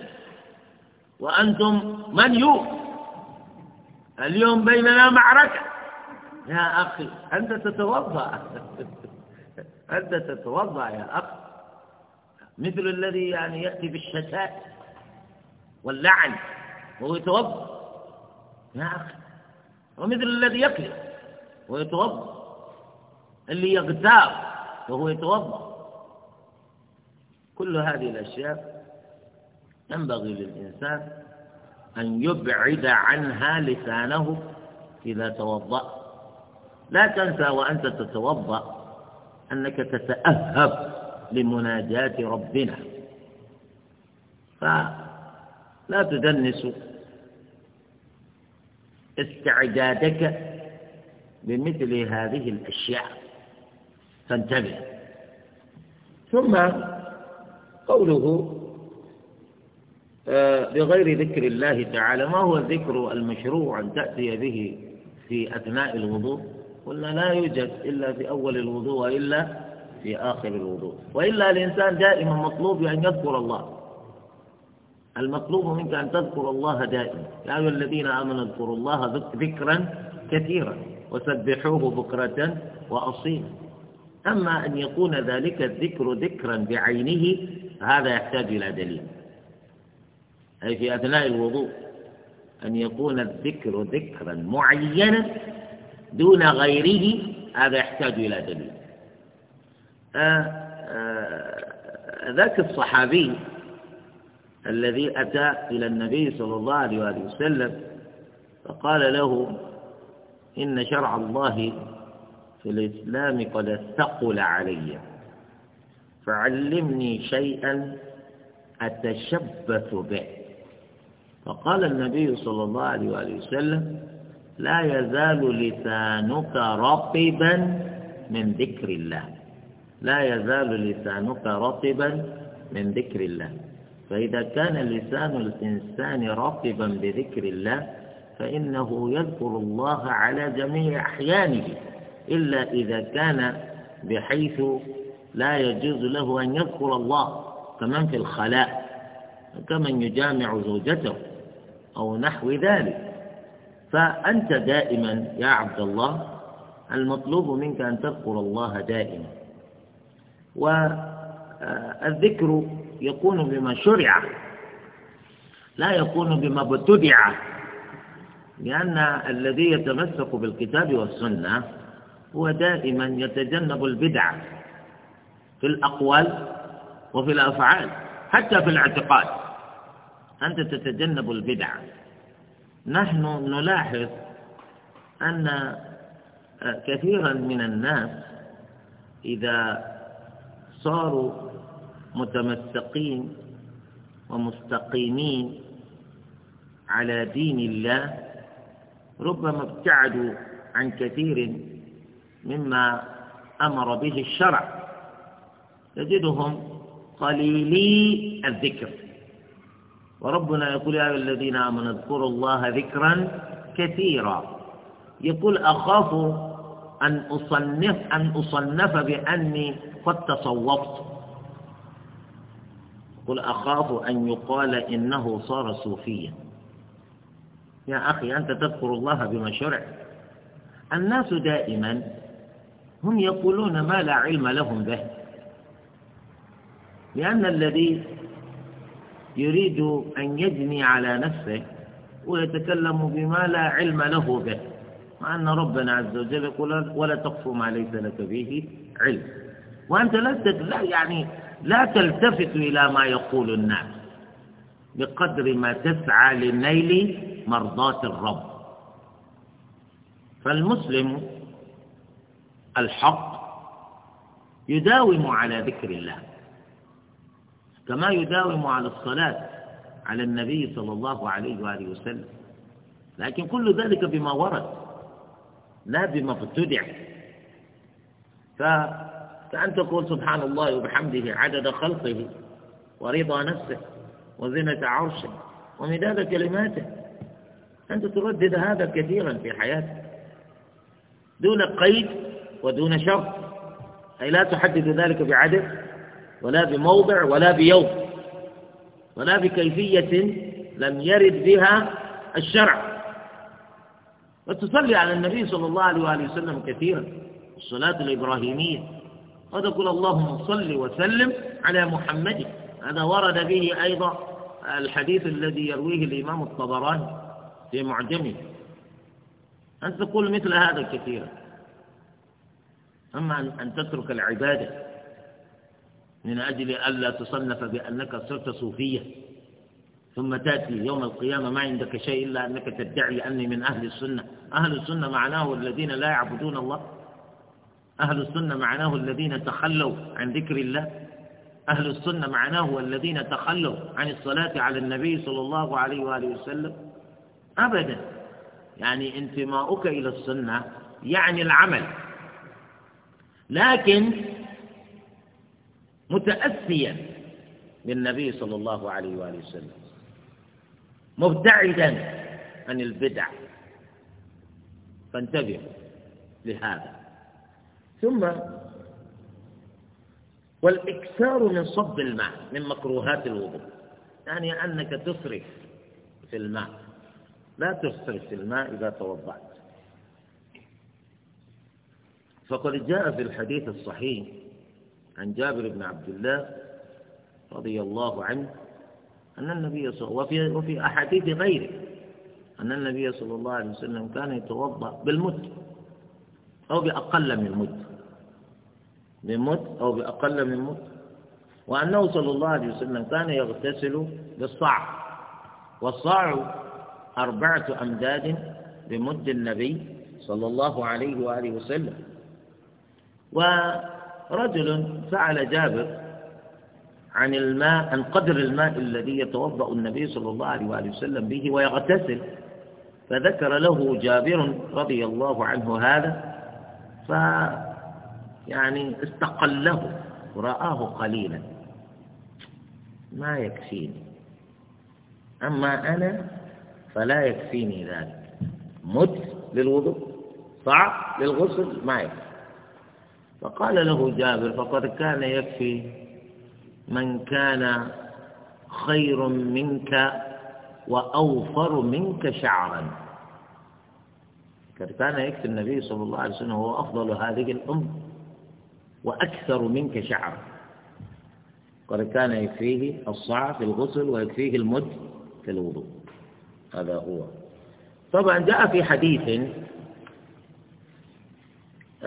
وأنتم من يو اليوم بيننا معركة يا أخي أنت تتوضأ أنت تتوضأ يا أخي مثل الذي يعني يأتي بالشتاء واللعن وهو يتوضأ يا أخي ومثل الذي يكذب وهو يتوضأ اللي يغتاب وهو يتوضأ كل هذه الأشياء ينبغي للإنسان أن يبعد عنها لسانه إذا توضأ لا تنسى وأنت تتوضأ أنك تتأهب لمناجاة ربنا فلا تدنس استعدادك لمثل هذه الأشياء فانتبه ثم قوله بغير ذكر الله تعالى ما هو الذكر المشروع أن تأتي به في أثناء الوضوء قلنا لا يوجد إلا في أول الوضوء وإلا في آخر الوضوء وإلا الإنسان دائما مطلوب أن يذكر الله المطلوب منك أن تذكر الله دائما يا أيها الذين آمنوا اذكروا الله ذكرا كثيرا وسبحوه بكرة وأصيلا أما أن يكون ذلك الذكر ذكرا بعينه هذا يحتاج إلى دليل أي في أثناء الوضوء أن يكون الذكر ذكرا معينا دون غيره هذا يحتاج إلى دليل آه، آه، ذاك الصحابي الذي أتى إلى النبي صلى الله عليه وآله وسلم فقال له إن شرع الله في الإسلام قد ثقل علي فعلمني شيئا أتشبث به فقال النبي صلى الله عليه وآله وسلم لا يزال لسانك رطبا من ذكر الله لا يزال لسانك رطبا من ذكر الله فإذا كان لسان الإنسان رطبا بذكر الله فإنه يذكر الله على جميع أحيانه إلا إذا كان بحيث لا يجوز له أن يذكر الله كمن في الخلاء كمن يجامع زوجته أو نحو ذلك فأنت دائما يا عبد الله المطلوب منك أن تذكر الله دائما والذكر يكون بما شرع لا يكون بما ابتدع لأن الذي يتمسك بالكتاب والسنة هو دائما يتجنب البدعة في الأقوال وفي الأفعال حتى في الاعتقاد أنت تتجنب البدعة نحن نلاحظ أن آه، كثيرا من الناس إذا صاروا متمسقين ومستقيمين على دين الله ربما ابتعدوا عن كثير مما أمر به الشرع تجدهم قليلي الذكر وربنا يقول يا أيها الذين آمنوا اذكروا الله ذكرا كثيرا يقول أخاف أن أصنف أن أصنف بأني قد تصوفت يقول أخاف أن يقال إنه صار صوفيا يا أخي أنت تذكر الله بما شرع الناس دائما هم يقولون ما لا علم لهم به لأن الذي يريد أن يجني على نفسه ويتكلم بما لا علم له به مع أن ربنا عز وجل يقول ولا تقف ما ليس لك به علم وأنت لست لا يعني لا تلتفت إلى ما يقول الناس بقدر ما تسعى لنيل مرضاة الرب فالمسلم الحق يداوم على ذكر الله كما يداوم على الصلاة على النبي صلى الله عليه وآله وسلم لكن كل ذلك بما ورد لا بما ابتدع فكأن تقول سبحان الله وبحمده عدد خلقه ورضا نفسه وزنة عرشه ومداد كلماته أنت تردد هذا كثيرا في حياتك دون قيد ودون شرط أي لا تحدد ذلك بعدد ولا بموضع ولا بيوم ولا بكيفية لم يرد بها الشرع وتصلي على النبي صلى الله عليه وآله وسلم كثيرا الصلاة الإبراهيمية وتقول اللهم صل وسلم على محمد هذا ورد به أيضا الحديث الذي يرويه الإمام الطبراني في معجمه أن تقول مثل هذا كثيرا أما أن تترك العبادة من أجل ألا تصنف بأنك صرت صوفية ثم تأتي يوم القيامة ما عندك شيء إلا أنك تدعي أني من أهل السنة أهل السنة معناه الذين لا يعبدون الله أهل السنة معناه الذين تخلوا عن ذكر الله أهل السنة معناه الذين تخلوا عن الصلاة على النبي صلى الله عليه وآله وسلم أبدا يعني انتماؤك إلى السنة يعني العمل لكن متأثيا بالنبي صلى الله عليه وآله وسلم مبتعدا عن البدع فانتبه لهذا ثم والإكثار من صب الماء من مكروهات الوضوء يعني أنك تصرف في الماء لا تصرف في الماء إذا توضأت فقد جاء في الحديث الصحيح عن جابر بن عبد الله رضي الله عنه أن النبي صلى وفي وفي أحاديث غيره أن النبي صلى الله عليه وسلم كان يتوضأ بالمد أو بأقل من المد بمد أو بأقل من المد وأنه صلى الله عليه وسلم كان يغتسل بالصاع والصاع أربعة أمداد بمد النبي صلى الله عليه وآله وسلم و رجل سأل جابر عن الماء عن قدر الماء الذي يتوضأ النبي صلى الله عليه وآله وسلم به ويغتسل فذكر له جابر رضي الله عنه هذا ف يعني استقله ورآه قليلا ما يكفيني أما أنا فلا يكفيني ذلك مت للوضوء صعب للغسل ما يكفي فقال له جابر فقد كان يكفي من كان خير منك وأوفر منك شعرا قد كان يكفي النبي صلى الله عليه وسلم هو أفضل هذه الأم وأكثر منك شعرا قد كان يكفيه الصاع في الغسل ويكفيه المد في الوضوء هذا هو طبعا جاء في حديث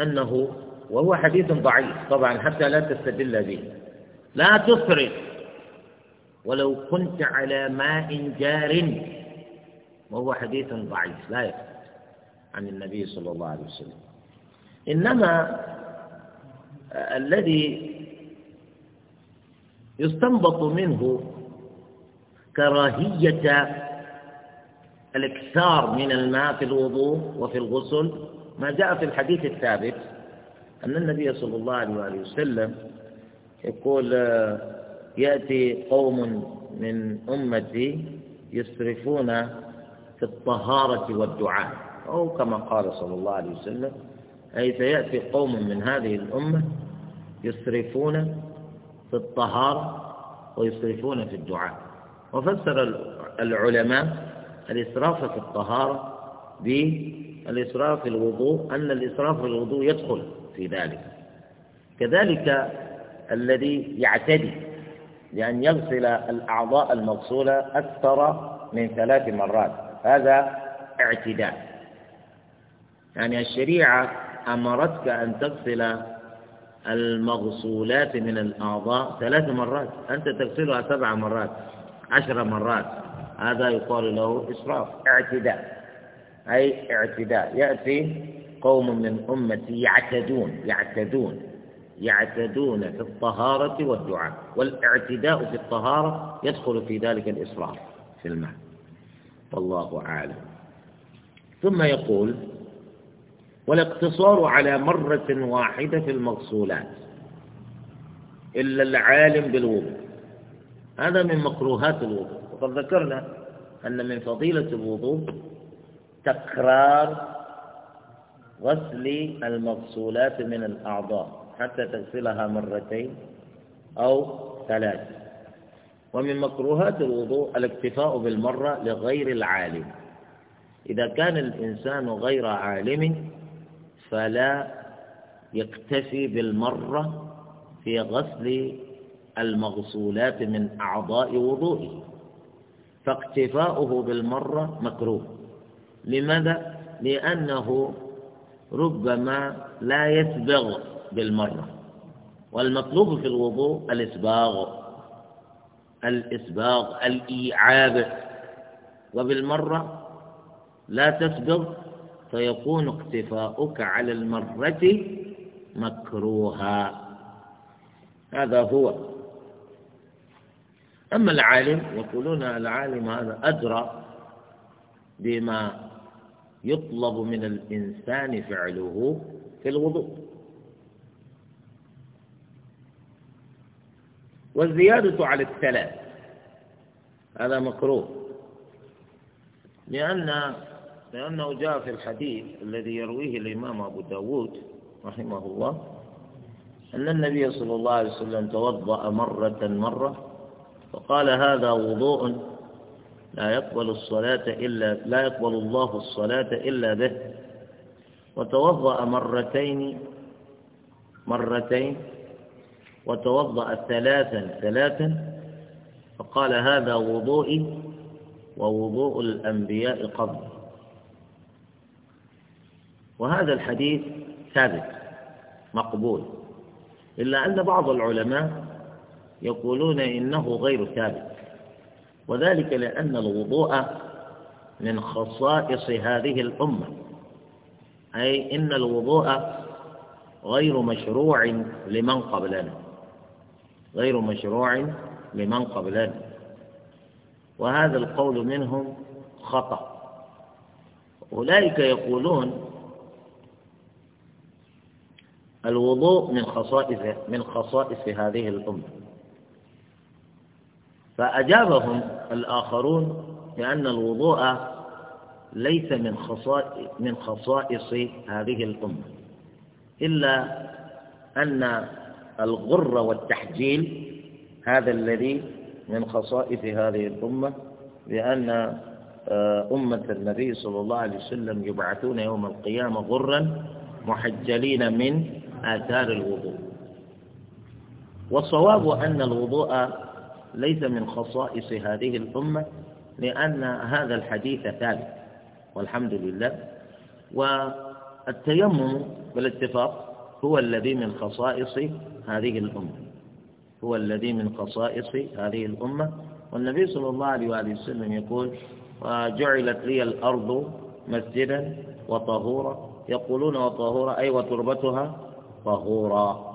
أنه وهو حديث ضعيف طبعا حتى لا تستدل به لا تسرف ولو كنت على ماء جار وهو حديث ضعيف لا يثبت عن النبي صلى الله عليه وسلم إنما آه، الذي يستنبط منه كراهية الاكثار من الماء في الوضوء وفي الغسل ما جاء في الحديث الثابت أن النبي صلى الله عليه وسلم يقول يأتي قوم من أمتي يسرفون في الطهارة والدعاء أو كما قال صلى الله عليه وسلم أي سيأتي قوم من هذه الأمة يسرفون في الطهارة ويسرفون في الدعاء وفسر العلماء الإسراف في الطهارة بالإسراف في الوضوء أن الإسراف في الوضوء يدخل في ذلك كذلك الذي يعتدي لأن يغسل الأعضاء المغسولة أكثر من ثلاث مرات هذا اعتداء يعني الشريعة أمرتك أن تغسل المغسولات من الأعضاء ثلاث مرات أنت تغسلها سبع مرات عشر مرات هذا يقال له إسراف اعتداء أي اعتداء يأتي قوم من أمتي يعتدون يعتدون يعتدون في الطهارة والدعاء والاعتداء في الطهارة يدخل في ذلك الإصرار في الماء والله أعلم ثم يقول والاقتصار على مرة واحدة في المغسولات إلا العالم بالوضوء هذا من مكروهات الوضوء وقد ذكرنا أن من فضيلة الوضوء تكرار غسل المفصولات من الأعضاء حتى تغسلها مرتين أو ثلاث ومن مكروهات الوضوء الاكتفاء بالمرة لغير العالم إذا كان الإنسان غير عالم فلا يكتفي بالمرة في غسل المغسولات من أعضاء وضوئه فاكتفاؤه بالمرة مكروه لماذا؟ لأنه ربما لا يسبغ بالمرة والمطلوب في الوضوء الإسباغ الإسباغ الإيعاب وبالمرة لا تسبغ فيكون اقتفاؤك على المرة مكروها هذا هو أما العالم يقولون العالم هذا أدرى بما يطلب من الإنسان فعله في الوضوء والزيادة على الثلاث هذا مكروه لأن لأنه جاء في الحديث الذي يرويه الإمام أبو داود رحمه الله أن النبي صلى الله عليه وسلم توضأ مرة مرة فقال هذا وضوء لا يقبل الصلاة إلا لا يقبل الله الصلاة إلا به وتوضأ مرتين مرتين وتوضأ ثلاثا ثلاثا فقال هذا وضوئي ووضوء الأنبياء قبل وهذا الحديث ثابت مقبول إلا أن بعض العلماء يقولون إنه غير ثابت وذلك لأن الوضوء من خصائص هذه الأمة أي إن الوضوء غير مشروع لمن قبلنا غير مشروع لمن قبلنا وهذا القول منهم خطأ أولئك يقولون الوضوء من خصائص من خصائص هذه الأمة فأجابهم الآخرون بأن الوضوء ليس من خصائص من خصائص هذه الأمة إلا أن الغر والتحجيل هذا الذي من خصائص هذه الأمة بأن آه، أمة النبي صلى الله عليه وسلم يبعثون يوم القيامة غرا محجلين من آثار الوضوء والصواب أن الوضوء ليس من خصائص هذه الأمة لأن هذا الحديث ثابت والحمد لله والتيمم بالاتفاق هو الذي من خصائص هذه الأمة هو الذي من خصائص هذه الأمة والنبي صلى الله عليه وآله وسلم يقول وجعلت لي الأرض مسجدا وطهورا يقولون وطهورا أي وتربتها طهورا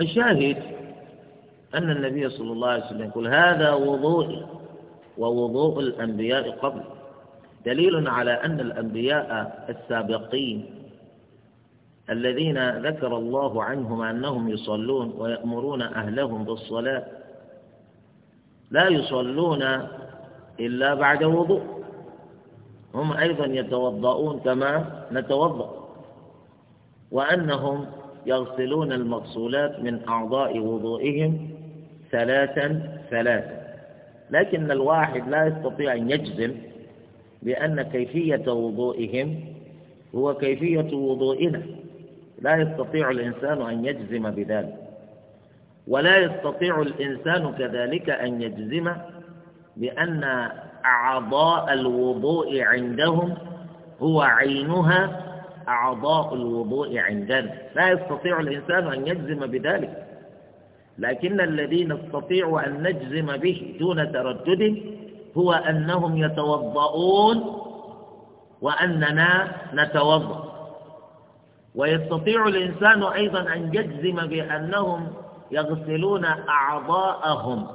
الشاهد أن النبي صلى الله عليه وسلم يقول هذا وضوء ووضوء الأنبياء قبل دليل على أن الأنبياء السابقين الذين ذكر الله عنهم أنهم يصلون ويأمرون أهلهم بالصلاة لا يصلون إلا بعد وضوء هم أيضا يتوضؤون كما نتوضأ وأنهم يغسلون المغسولات من أعضاء وضوئهم ثلاثا ثلاثا لكن الواحد لا يستطيع أن يجزم بأن كيفية وضوئهم هو كيفية وضوئنا لا يستطيع الإنسان أن يجزم بذلك ولا يستطيع الإنسان كذلك أن يجزم بأن أعضاء الوضوء عندهم هو عينها أعضاء الوضوء عندنا لا يستطيع الإنسان أن يجزم بذلك لكن الذي نستطيع أن نجزم به دون تردد هو أنهم يتوضؤون وأننا نتوضأ ويستطيع الإنسان أيضا أن يجزم بأنهم يغسلون أعضاءهم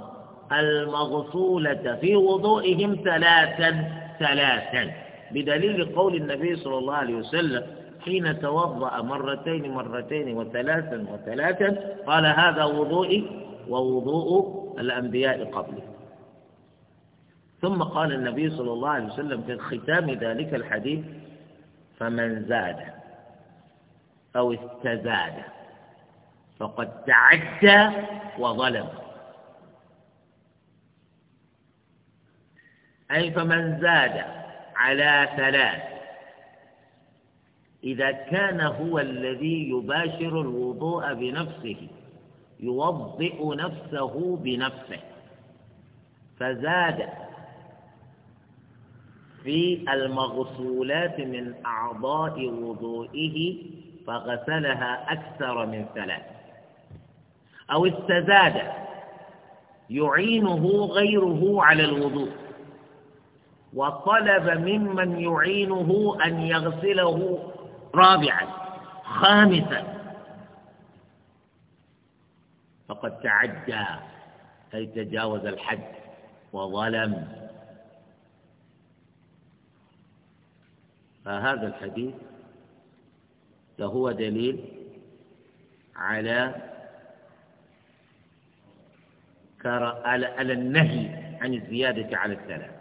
المغسولة في وضوئهم ثلاثا ثلاثا بدليل قول النبي صلى الله عليه وسلم حين توضأ مرتين مرتين وثلاثا وثلاثا قال هذا وضوئي ووضوء الأنبياء قبلي ثم قال النبي صلى الله عليه وسلم في ختام ذلك الحديث فمن زاد أو استزاد فقد تعدى وظلم أي فمن زاد على ثلاث إذا كان هو الذي يباشر الوضوء بنفسه يوضئ نفسه بنفسه فزاد في المغسولات من أعضاء وضوئه فغسلها أكثر من ثلاث أو استزاد يعينه غيره على الوضوء وطلب ممن يعينه أن يغسله رابعا خامسا فقد تعدى أي تجاوز الحد وظلم فهذا الحديث لهو دليل على على النهي عن الزيادة على الثلاث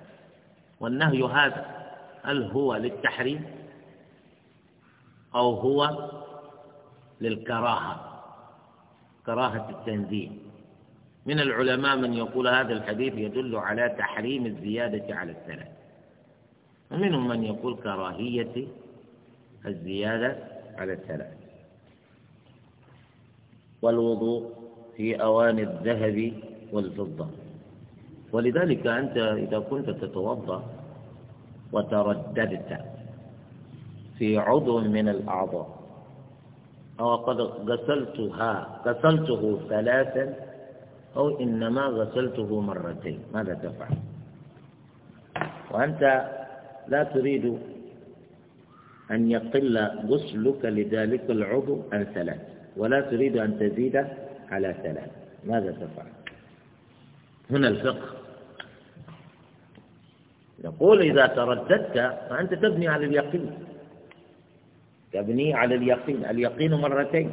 والنهي هذا هل هو للتحريم أو هو للكراهة كراهة التنزيه من العلماء من يقول هذا الحديث يدل على تحريم الزيادة على الثلاث ومنهم من يقول كراهية الزيادة على الثلاث والوضوء في أوان الذهب والفضة ولذلك أنت إذا كنت تتوضأ وترددت في عضو من الأعضاء أو قد غسلتها غسلته ثلاثا أو إنما غسلته مرتين ماذا تفعل وأنت لا تريد أن يقل غسلك لذلك العضو عن ثلاث ولا تريد أن تزيد على ثلاث ماذا تفعل هنا الفقه يقول إذا ترددت فأنت تبني على اليقين تبني على اليقين اليقين مرتين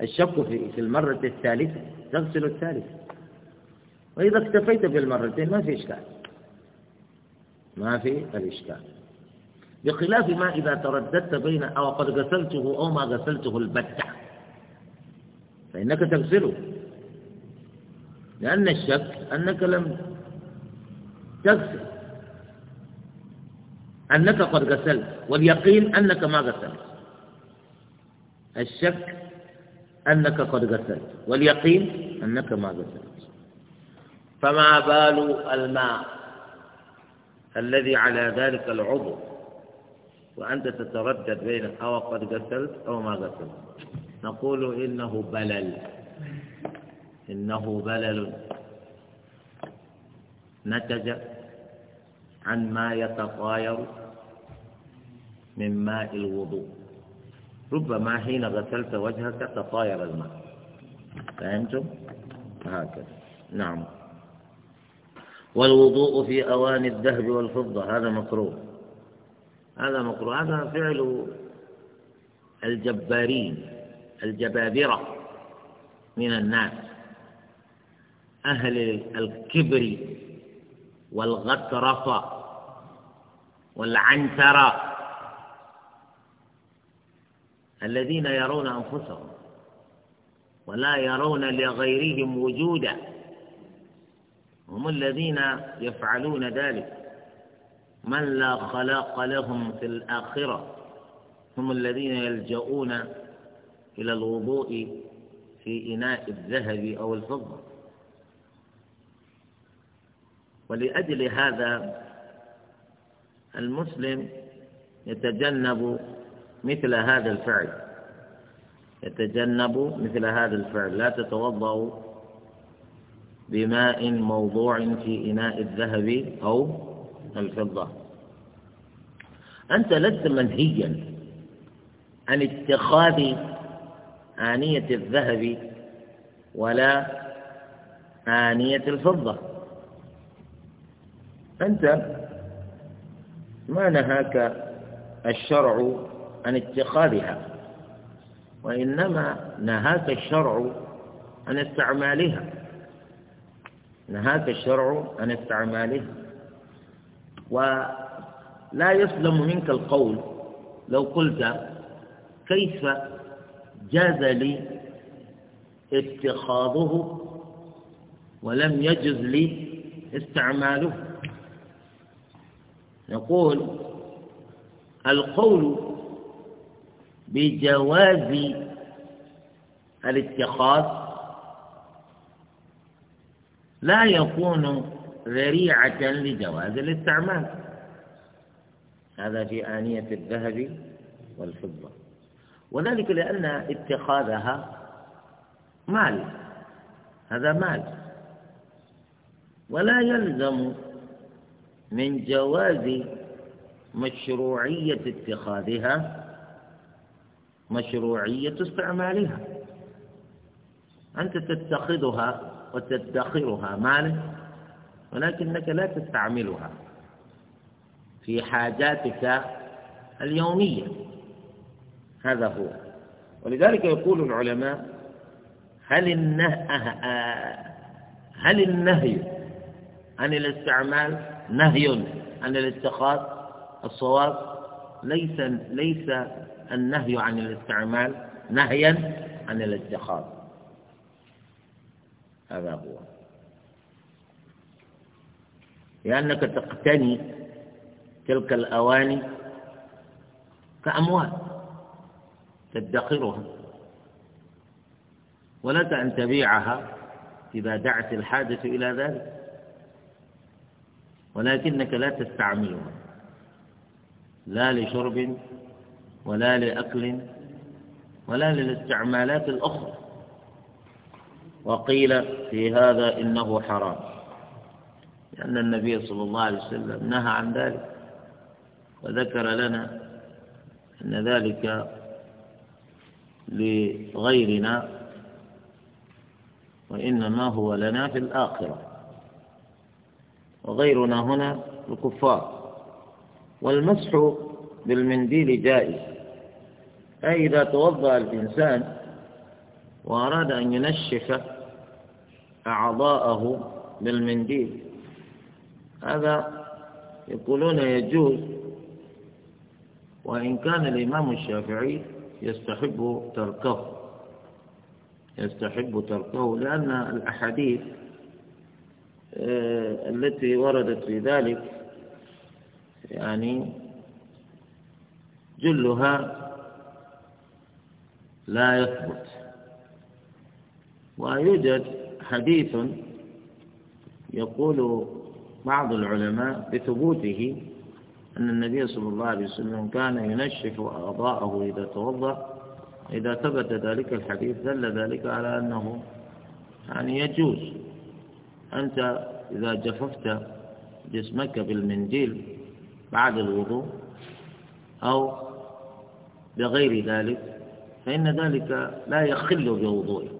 الشك في في المرة الثالثة تغسل الثالثة وإذا اكتفيت بالمرتين ما في إشكال ما في الإشكال بخلاف ما إذا ترددت بين أو قد غسلته أو ما غسلته البتة فإنك تغسله لأن الشك أنك لم تغسل أنك قد غسلت واليقين أنك ما غسلت الشك أنك قد غسلت واليقين أنك ما غسلت فما بال الماء الذي على ذلك العضو وأنت تتردد بين أو قد غسلت أو ما غسلت نقول إنه بلل إنه بلل نتج عن ما يتطاير من ماء الوضوء ربما حين غسلت وجهك تطاير الماء فهمتم؟ هكذا نعم والوضوء في أواني الذهب والفضة هذا مكروه هذا مكروه هذا فعل الجبارين الجبابرة من الناس أهل الكبر والغترفة والعنترة الذين يرون أنفسهم ولا يرون لغيرهم وجودا هم الذين يفعلون ذلك من لا خلاق لهم في الآخرة هم الذين يلجؤون إلى الوضوء في إناء الذهب أو الفضة ولأجل هذا المسلم يتجنب مثل هذا الفعل يتجنب مثل هذا الفعل لا تتوضأ بماء موضوع في إناء الذهب أو الفضة أنت لست منهيا عن اتخاذ آنية الذهب ولا آنية الفضة أنت ما نهاك الشرع عن اتخاذها وإنما نهاك الشرع عن استعمالها نهاك الشرع عن استعمالها ولا يسلم منك القول لو قلت كيف جاز لي اتخاذه ولم يجز لي استعماله نقول القول بجواز الاتخاذ لا يكون ذريعة لجواز الاستعمال هذا في آنية الذهب والفضة وذلك لأن اتخاذها مال هذا مال ولا يلزم من جواز مشروعية اتخاذها مشروعية استعمالها أنت تتخذها وتدخرها مالا ولكنك لا تستعملها في حاجاتك اليومية هذا هو ولذلك يقول العلماء هل النهي هل النهي عن الاستعمال نهي عن الاتخاذ الصواب ليس ليس النهي عن الاستعمال نهيا عن الاتخاذ هذا هو لأنك تقتني تلك الأواني كأموال تدخرها ولك أن تبيعها إذا دعت الحاجة إلى ذلك ولكنك لا تستعملها لا لشرب ولا لأكل ولا للاستعمالات الأخرى وقيل في هذا إنه حرام لأن النبي صلى الله عليه وسلم نهى عن ذلك وذكر لنا أن ذلك لغيرنا وإنما هو لنا في الآخرة وغيرنا هنا الكفار والمسح بالمنديل جائز أي إذا توضأ الإنسان وأراد أن ينشف أعضاءه بالمنديل هذا يقولون يجوز وإن كان الإمام الشافعي يستحب تركه يستحب تركه لأن الأحاديث آه، التي وردت في ذلك يعني جلها لا يثبت ويوجد حديث يقول بعض العلماء بثبوته أن النبي صلى الله عليه وسلم كان ينشف أعضاءه إذا توضأ إذا ثبت ذلك الحديث دل ذلك على أنه يعني يجوز أنت إذا جففت جسمك بالمنديل بعد الوضوء أو بغير ذلك فإن ذلك لا يخل بوضوئك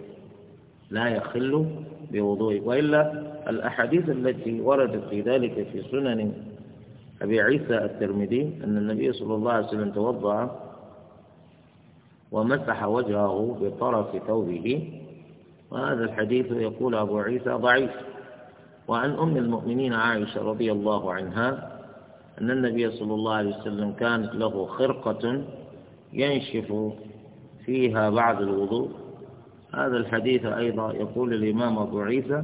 لا يخل بوضوئك وإلا الأحاديث التي وردت في ذلك في سنن أبي عيسى الترمذي أن النبي صلى الله عليه وسلم توضأ ومسح وجهه بطرف ثوبه وهذا الحديث يقول أبو عيسى ضعيف وعن أم المؤمنين عائشة رضي الله عنها أن النبي صلى الله عليه وسلم كانت له خرقة ينشف فيها بعد الوضوء هذا الحديث أيضا يقول الإمام أبو عيسى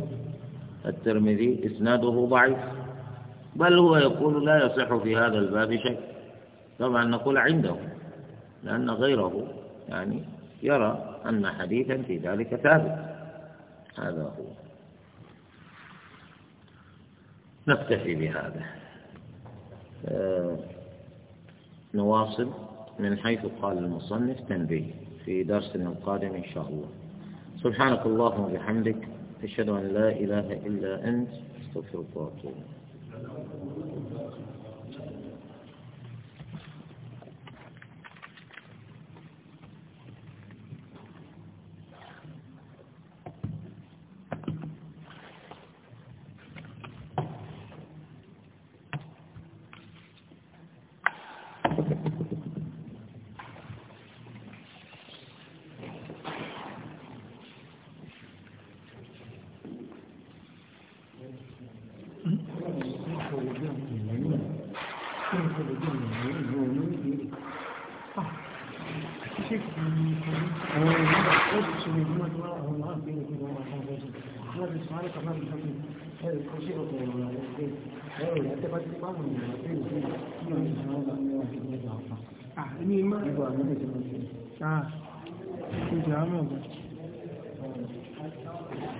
الترمذي إسناده ضعيف بل هو يقول لا يصح في هذا الباب شيء طبعا نقول عنده لأن غيره يعني يرى أن حديثا في ذلك ثابت هذا هو نكتفي بهذا آه، نواصل من حيث قال المصنف تنبيه في درسنا القادم إن شاء الله سبحانك اللهم وبحمدك أشهد أن لا إله إلا أنت استغفرك واتوب إليك èmi mọ́ ìbò àmì ìjọba ṣáà ìjọba mọ̀